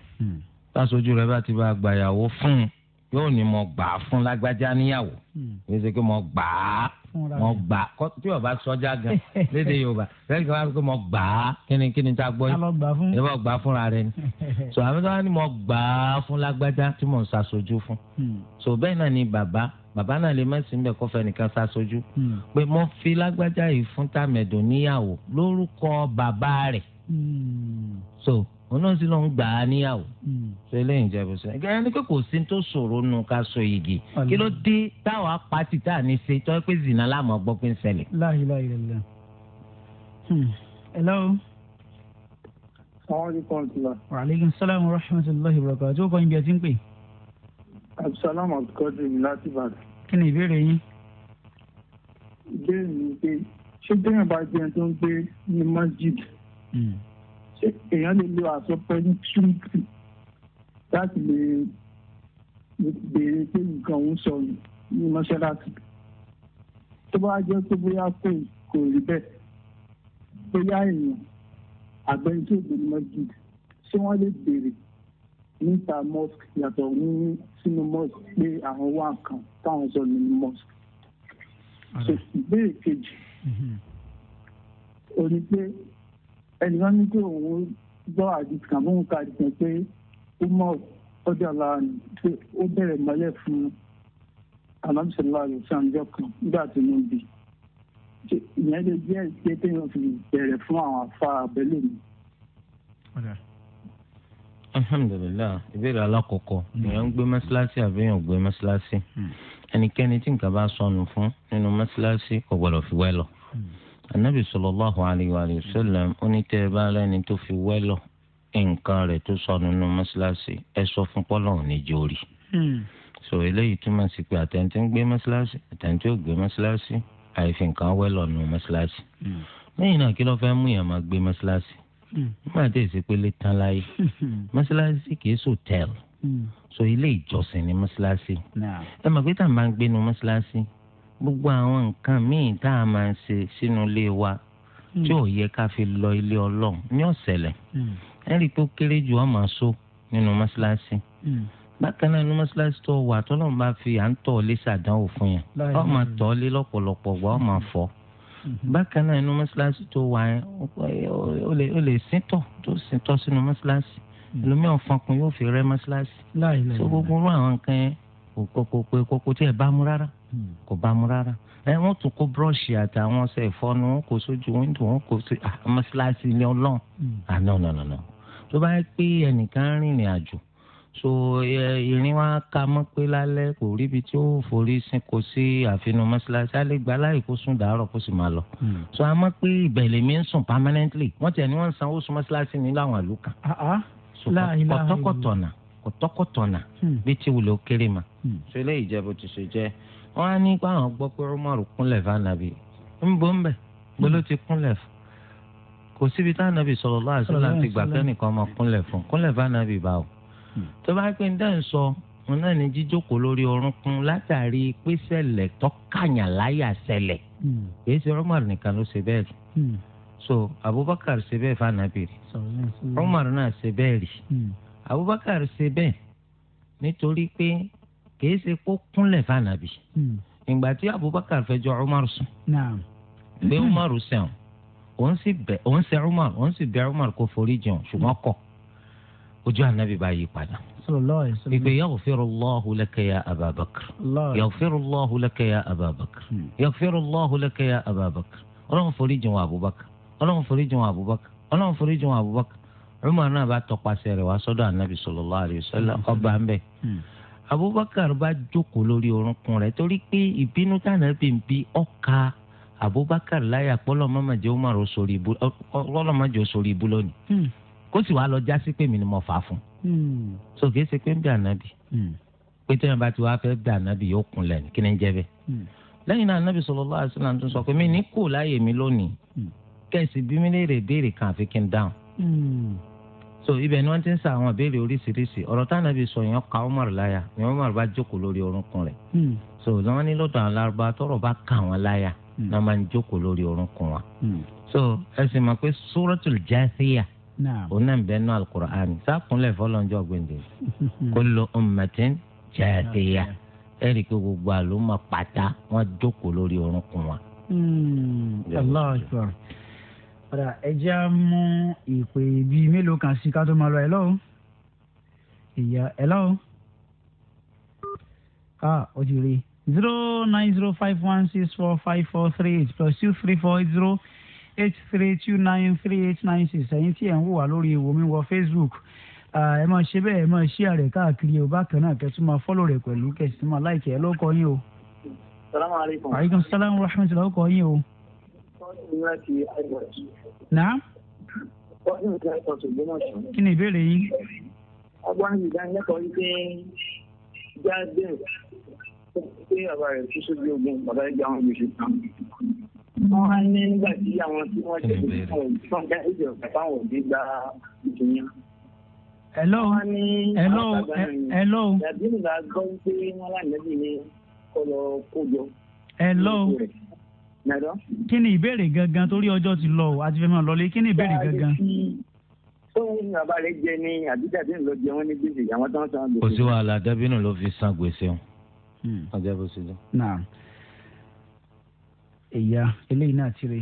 ṣaṣojú hmm. rẹ bá ti bá gbàyàwó fún un yóò ní mo gbà á fún lágbájá níyàwó hmm. kì í ṣe pé mo gbà á mo gbà tí o bá sọjá gan léde yorùbá lẹ́yìn kan wá pé mo gbà á kíni kíni tá a gbọ́ yìí ẹ bá gbà fún rẹ ni so àmì tó wá ní mo gbà á fún lágbájá tí mò ń ṣàṣojú fún hmm. so bẹ́ẹ̀ náà ni bàbá bàbá náà lè mẹ́sìn ń bẹ̀ kọ́fẹ́ nìkan ṣàṣojú hmm. pé mo fi lágbájá yìí fún tàmẹ̀dùn níyàwó lórúkọ bàbá rẹ̀ hmm. so olóhùn sí ló ń gbà á níyàwó hmm. ṣe eléyìí jẹ bó ṣe ẹ gẹ́gẹ́ ni pé kò sí tó ṣòro nù ká sọ yìgì kí ló dé táwọn apáti tá à ní ṣe tọ́ pé zina láàmú ọgbọ́n pé ń ṣẹlẹ̀. láyé láyé lẹ́la hello. waaleykum salaam wa rahmatulahi wa barakatuh kọ́ ibi ẹ ti ń pè. abdulsalam abdulkadir mi láti Ìbàdàn. kí ni ìbéèrè yín. ìbéèrè mi ni pé ṣé téèyàn bá jẹun tó ń gbé ní masjid. Hmm ṣé èèyàn lè lo àsọpẹ́ntúntì láti lè béèrè pé nǹkan òun sọnù ní mọ́ṣáláṣí tó bá jẹ́ pé bóyá kò kò rí bẹ́ẹ̀ bóyá èèyàn àgbẹ̀yìn tó gbé ní mọ́jú ṣé wọ́n lè béèrè níta mosque yàtọ̀ ní sínú mosque pé àwọn wá nǹkan táwọn sọ nínú mosque. ìbéèrè kejì mm-hmm. ó ní pé ẹnìkan ní pé òun gbọ́ àdìsí kan bóun ka àdìsí pé ó mọ̀ ọdẹ aláàánú pé ó bẹ̀rẹ̀ mọ́lẹ̀ fún alábìsọ̀lá rẹ̀ sàǹjọ́ kan nígbà tí mo bì ìyẹn lè jẹ́ ìṣe téèyàn fi bẹ̀rẹ̀ fún àwọn afá abẹ́lé mi. alhamdulilayi ìbéèrè alákọ̀ọ́kọ́ hmm. èèyàn ń gbé mọ́ṣáláṣí àbẹ́yàn gbé mọ́ṣáláṣí hmm. ẹnikẹ́ni tí nǹkan bá sọnù fún nínú mọ́ṣáláṣí kò gbọ́dọ̀ fi wẹ́ lọ. Hmm anabi sallallahu alayhi wa sallam ó ní tẹ́ ẹ bá rẹ́ni tó fi wẹ́lọ̀ nǹkan rẹ̀ tó sọnù nínú mọ́ṣáláṣí ẹ sọ fún pọ́lọ́ òní jórí. Hmm. sọ eléyìí túmọ̀ sí pé àtẹ̀ntì ń gbé mọ́ṣáláṣí àtẹ̀ntì ò gbé mọ́ṣáláṣí àìfi nǹkan wẹ́lọ̀ nínú mọ́ṣáláṣí. Hmm. lẹ́yìn náà kí ló fẹ́ mú yàn máa gbé mọ́ṣáláṣí. Hmm. nígbà tí èsì pélé tán láyé mọ́ṣáláṣí kì í sòtẹ́ẹ̀lì so ilé ìjọsìn ni mọ́ṣáláṣí. ẹ mọ̀ pé tá à ń bá ń gbénu mọ́ṣáláṣí gbogbo àwọn nǹkan míì tá a máa ń ṣe sínú ilé wa mm. tí ò yẹ ká fi lọ ilé ọlọ́run ní ọ̀sẹ̀lẹ̀ mm. ẹ rí i pé ó kéré jù ọ́ máa so nínú mọ́ṣáláṣí mm. bákan náà nínú mọ́ṣáláṣí tó wà tọ́lọ́run bá fi à ń tọ̀ ọ́ lé ṣàdánwò fún yẹn ọ́ máa tọ̀ ọ́ lé lọ́pọ̀lọpọ̀ gbà ọ́ máa fọ́ mm-hmm. bákan náà nínú mọ́ṣáláṣí tó wà yẹn ó lè síntọ̀ tó síntọ̀ sínú mọ́ṣáláṣí ẹlòmíràn fọkùn yóò fi rẹ́ mọ́ṣáláṣí tó gbogbo irú àwọn nǹkan yẹn kò kò pé kókó tí ẹ bá mú rárá. Hmm, kò bá mu rárá ẹ wọn tún kó búrọ́ọ̀ṣì àtàwọn ọṣẹ ìfọnu wọn kò sójú wíńdò wọn kò sí ah, mọ́ṣáláṣí ilé ọlọ́run àná nànà nà tó bá yẹ pé ẹnìkan rìnrìn àjò so ìrìn wa ka mọ́ pé lálẹ́ kò ríbi tí ó forí sin kò sí àfihàn mọ́ṣáláṣí alẹ́ gba láì kó sùn dàárọ̀ kó sì máa lọ hmm. so a mọ̀ pé ìbẹ̀lẹ̀ mi ń sùn permanently wọ́n tẹ̀ ní wọ́n ń sanwó sùn mọ́ṣáláṣí ní láwọn ìlú kan ah, ah. so kọ̀tọ́kọ̀tọ̀nà kọ̀tọ́kọ̀tọ̀nà hmm. bí tí wùlò kéré ma so eléyìí jẹ́ bó ti ṣe jẹ́ wọn á ní báwọn gbọ́ pé rúmọ̀rù kúnlẹ̀ fànàbì ń ń bẹ̀ pé ló ti kúnlẹ̀ fún kò síbi tá ànàbì sọ̀rọ̀ àti ti gbà ọmọ fún o hmm. tó bá pé dẹ́n sọ wọn náà ní jíjókòó lórí so Abubakar ṣe bẹ́ẹ̀ rí hmm. Abubakar ṣe bẹ́ẹ̀ nítorí kìí ṣe kó kúnlẹ̀ fànàbì hmm. ìgbà tí Abubakar fẹjọ́ Umar sùn pé Umar sẹ́wọ̀n òun sì bẹ òun sẹ Umar òun sì bẹ Umar kó forí jẹun ṣùgbọ́n kọ̀ ojú anabi bá yí padà. ìgbé yaghfirullahu laka ya Aba Bakr yaghfirullahu laka ya Aba Bakr hmm. yaghfirullahu laka ya Aba Bakr ọlọ́run forí jẹun Abubakar ọlọ́run forí jẹun Abubakar ọlọ́run forí jẹun Abubakar Umar náà bá tọpasẹ̀ rẹ̀ wá sọ́dọ̀ anabi sallallahu alaihi wasallam hmm. ọba ń bẹ̀ abubakar bá jókòó lórí orúnkún rẹ̀ torí pé ìbínú tànàbí ń bí ọ̀ka abubakar láyà pọ́lọ́mọ́mọ́jẹ́ umar pọ́lọ́mọ́jẹ́ sórí ibú lónìí hmm. kó sì wá lọ jásí pé mi ni mo fà á fún un hmm. so kìí ṣe pé ń bí ànábì hmm. pé tí wọn bá ti wá fẹ́ bí ànábì yóò kúnlẹ̀ ní kí ni ń jẹ́ bẹ́ẹ̀ lẹ́yìn náà ànábì sallallahu alaihi wasallam tún sọ pé mi ní kò láyè mi lónìí kẹ́sì bí béèrè kan àfi kí n dáhùn so ibẹ̀ ni wọ́n ti ń sa àwọn ìbéèrè oríṣiríṣi ọ̀rọ̀ tá ànábì sọ yẹn ka Umar láyà ni Umar bá jókòó lórí orúnkún rẹ̀ hmm. so lọ́wọ́n ní lọ́dọ̀ àwọn Lárúbá tọ́rọ̀ bá kà hmm. wọ́n láyà náà máa ń jókòó lórí orúnkún wa hmm. so ẹ sì mọ̀ pé Suratul Jathiyah òun náà ń bẹ nínú Al-Qur'ani sákùnlẹ̀ fọlọ́njọ́ gbèǹde kullu ummatin jathiyah ẹ rí i pé gbogbo àlùmọ̀ pátá wọ́n jókòó lórí orúnkún wa padà ẹ jẹ́ á mú ìpè bíi mélòó kan sí ká tó máa lọ ẹ lọ́wọ́ ìyá ẹ lọ́wọ́ a ó ti rí zero nine zero five one six four five four three eight plus two three four eight zero eight three two nine three eight nine six ẹ̀yin tí ẹ̀ ń wò wá lórí ìwòmí wọ Facebook ah, ẹ máa ṣe bẹ́ẹ̀ ẹ máa ṣí ààrẹ káàkiri o bákan náà kẹtù máa fọ́lọ̀ rẹ̀ pẹ̀lú kẹsì máa láìkẹ́ ẹ lọ́kọ yín o. salaamaleykum. aleykum salaam wa rahmatulah ọkọ yín o. Nàá. Kí ni ìbéèrè yín? Ọgbọ́n ìdánilẹ́kọ̀ọ́ wípé Jasdin pé bàbá rẹ̀ kú sójú ogun bàbá rẹ̀ gba àwọn gbèsè kan. Wọ́n á ní nígbà tí àwọn tí wọ́n ṣe fún ọ̀gá ìjọ àtàwọn òbí gba ìjìyàn. Hello, hello, hello. Jasdin là gbọ́ pé wọ́n lànà bí ní kọlọ kó jọ. Hello. hello. hello. hello kí ni ìbéèrè gangan torí ọjọ́ ti lọ àti fẹ́ máa lọlé kí ni ìbéèrè gangan. tóun ní bàbá rẹ jẹ ní àbíjà tí ń lọ jẹ wọn ní gbèsè àwọn tó ń san gbèsè. kò sí wàhálà dábìnú ló fi san gbèsè o. Hmm. ọjà bó ṣe lọ. náà ẹ̀yà eléyìí náà ti rè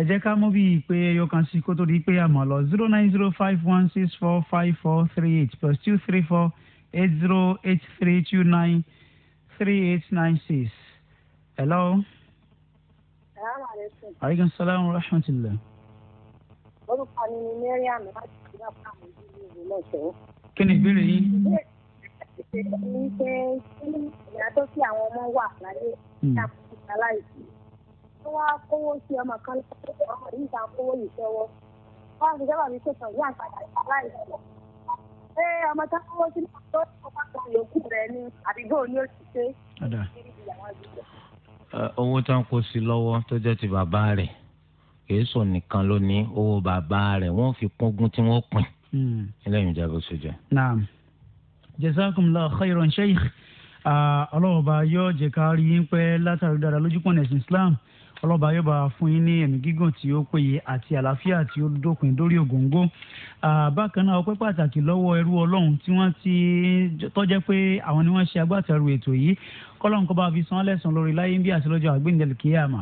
ẹ jẹ́ ká mú bí ìpè ẹyọ kan sí kó tó di pé àmọ́ lọ zero nine zero five one six four five four three eight plus two three four eight zero eight three two nine three eight nine six. hello aleykum salaam wa rahmatulah. orúkọ mi ni mariam láti ìlú àpamọ́ ìlú ìlú lọ́sọ̀ọ́. kí ni ìbéèrè yín. ìbéèrè mi ṣe kí ìyàtọ̀ sí àwọn ọmọ wà lálẹ́ ìṣàkóso aláìsí. wọ́n wá kówó sí ọmọ kan lọ́wọ́ ọmọ yìí ta kówó yìí sọ́wọ́. wọ́n á fi sábà mi ṣètò ìyá àgbàdà aláìsí. ṣé ọmọ tá kówó sí náà tó ọmọ kan yòókù rẹ ní àdúgbò ni ó ti ṣe owó tí wọn kó sí lọ́wọ́ tó jẹ́ ti bàbá rẹ̀ kìí sùn nìkan ló ní owó bàbá rẹ̀ wọ́n fi kúngún tí wọ́n pín ẹlẹ́yìn hmm. ìjà bó ṣe jẹ́. naam jazakumullahu khairan sheikh ọlọ́ọ̀bá yóò jẹ́ ká rí yín pẹ́ látàrí dára lójú pọ̀n ẹ̀sìn islam ọlọ́ọ̀bá yóò bá fún yín ní ẹ̀mí gígùn tí ó péye àti àlàáfíà tí ó dópin dórí ògóńgó bákan náà ọpẹ́ pàtàkì lọ́wọ́ ẹrú ọlọ́run tí wọ́n ti tọ́jẹ́ pé àwọn ni wọ́n ṣe agbátẹrù ètò yìí kọ́lọ́n kó bá fi san lẹ́sàn lórí láyé ń bí àtìlọ́jọ́ àgbéǹdẹ̀lì kíyàmá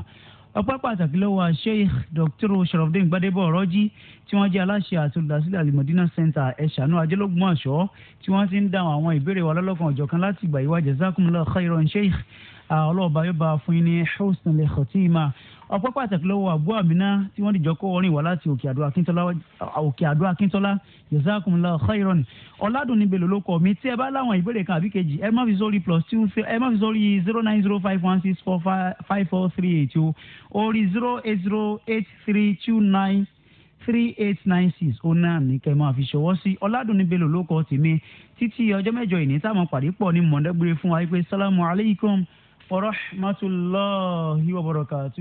ọpẹ́ pàtàkì lọ́wọ́ sheikh dr sharafdin gbadebo ọ̀rọ́jì tí wọ́n jẹ́ aláṣẹ àti olùdásílẹ̀ alimọ̀dínà center ẹ̀ṣánú ajẹ́lógún àṣọ tí wọ́n ti ń dáhùn àwọn ìbéèrè wa lọ́lọ́kan ọ̀jọ̀kan láti ìgbà yìí wá jazakumullahu khairan sheikh ọlọ́ọ̀bá yóò bá a fún yín ní husn lè khotima ọpẹ́ pàtàkì lọ́wọ́ àbú àmínà tí wọ́n dìjọ́ kó orin wá láti òkè àdó akíntọ́lá jazakumullahu khairan ọ̀làdùnní bèlò ló kọ̀ mí tí ẹ bá láwọn ìbéèrè kan àbí kejì ẹ má fi sórí plus two ẹ má fi sórí zero nine zero five one six four five four three eight o orí zero eight zero eight three two nine three eight nine six ó náà ní kẹ́ máa fi ṣọwọ́ sí ọ̀làdùnní bèlò ló kọ̀ tèmi títí ọjọ́ mẹ́jọ ìní táwọn pàdé pọ̀ ní mọ̀ọ́dẹ́gbére fún wa pé sálámù aleykum wa rahmatullahi wa barakatuh.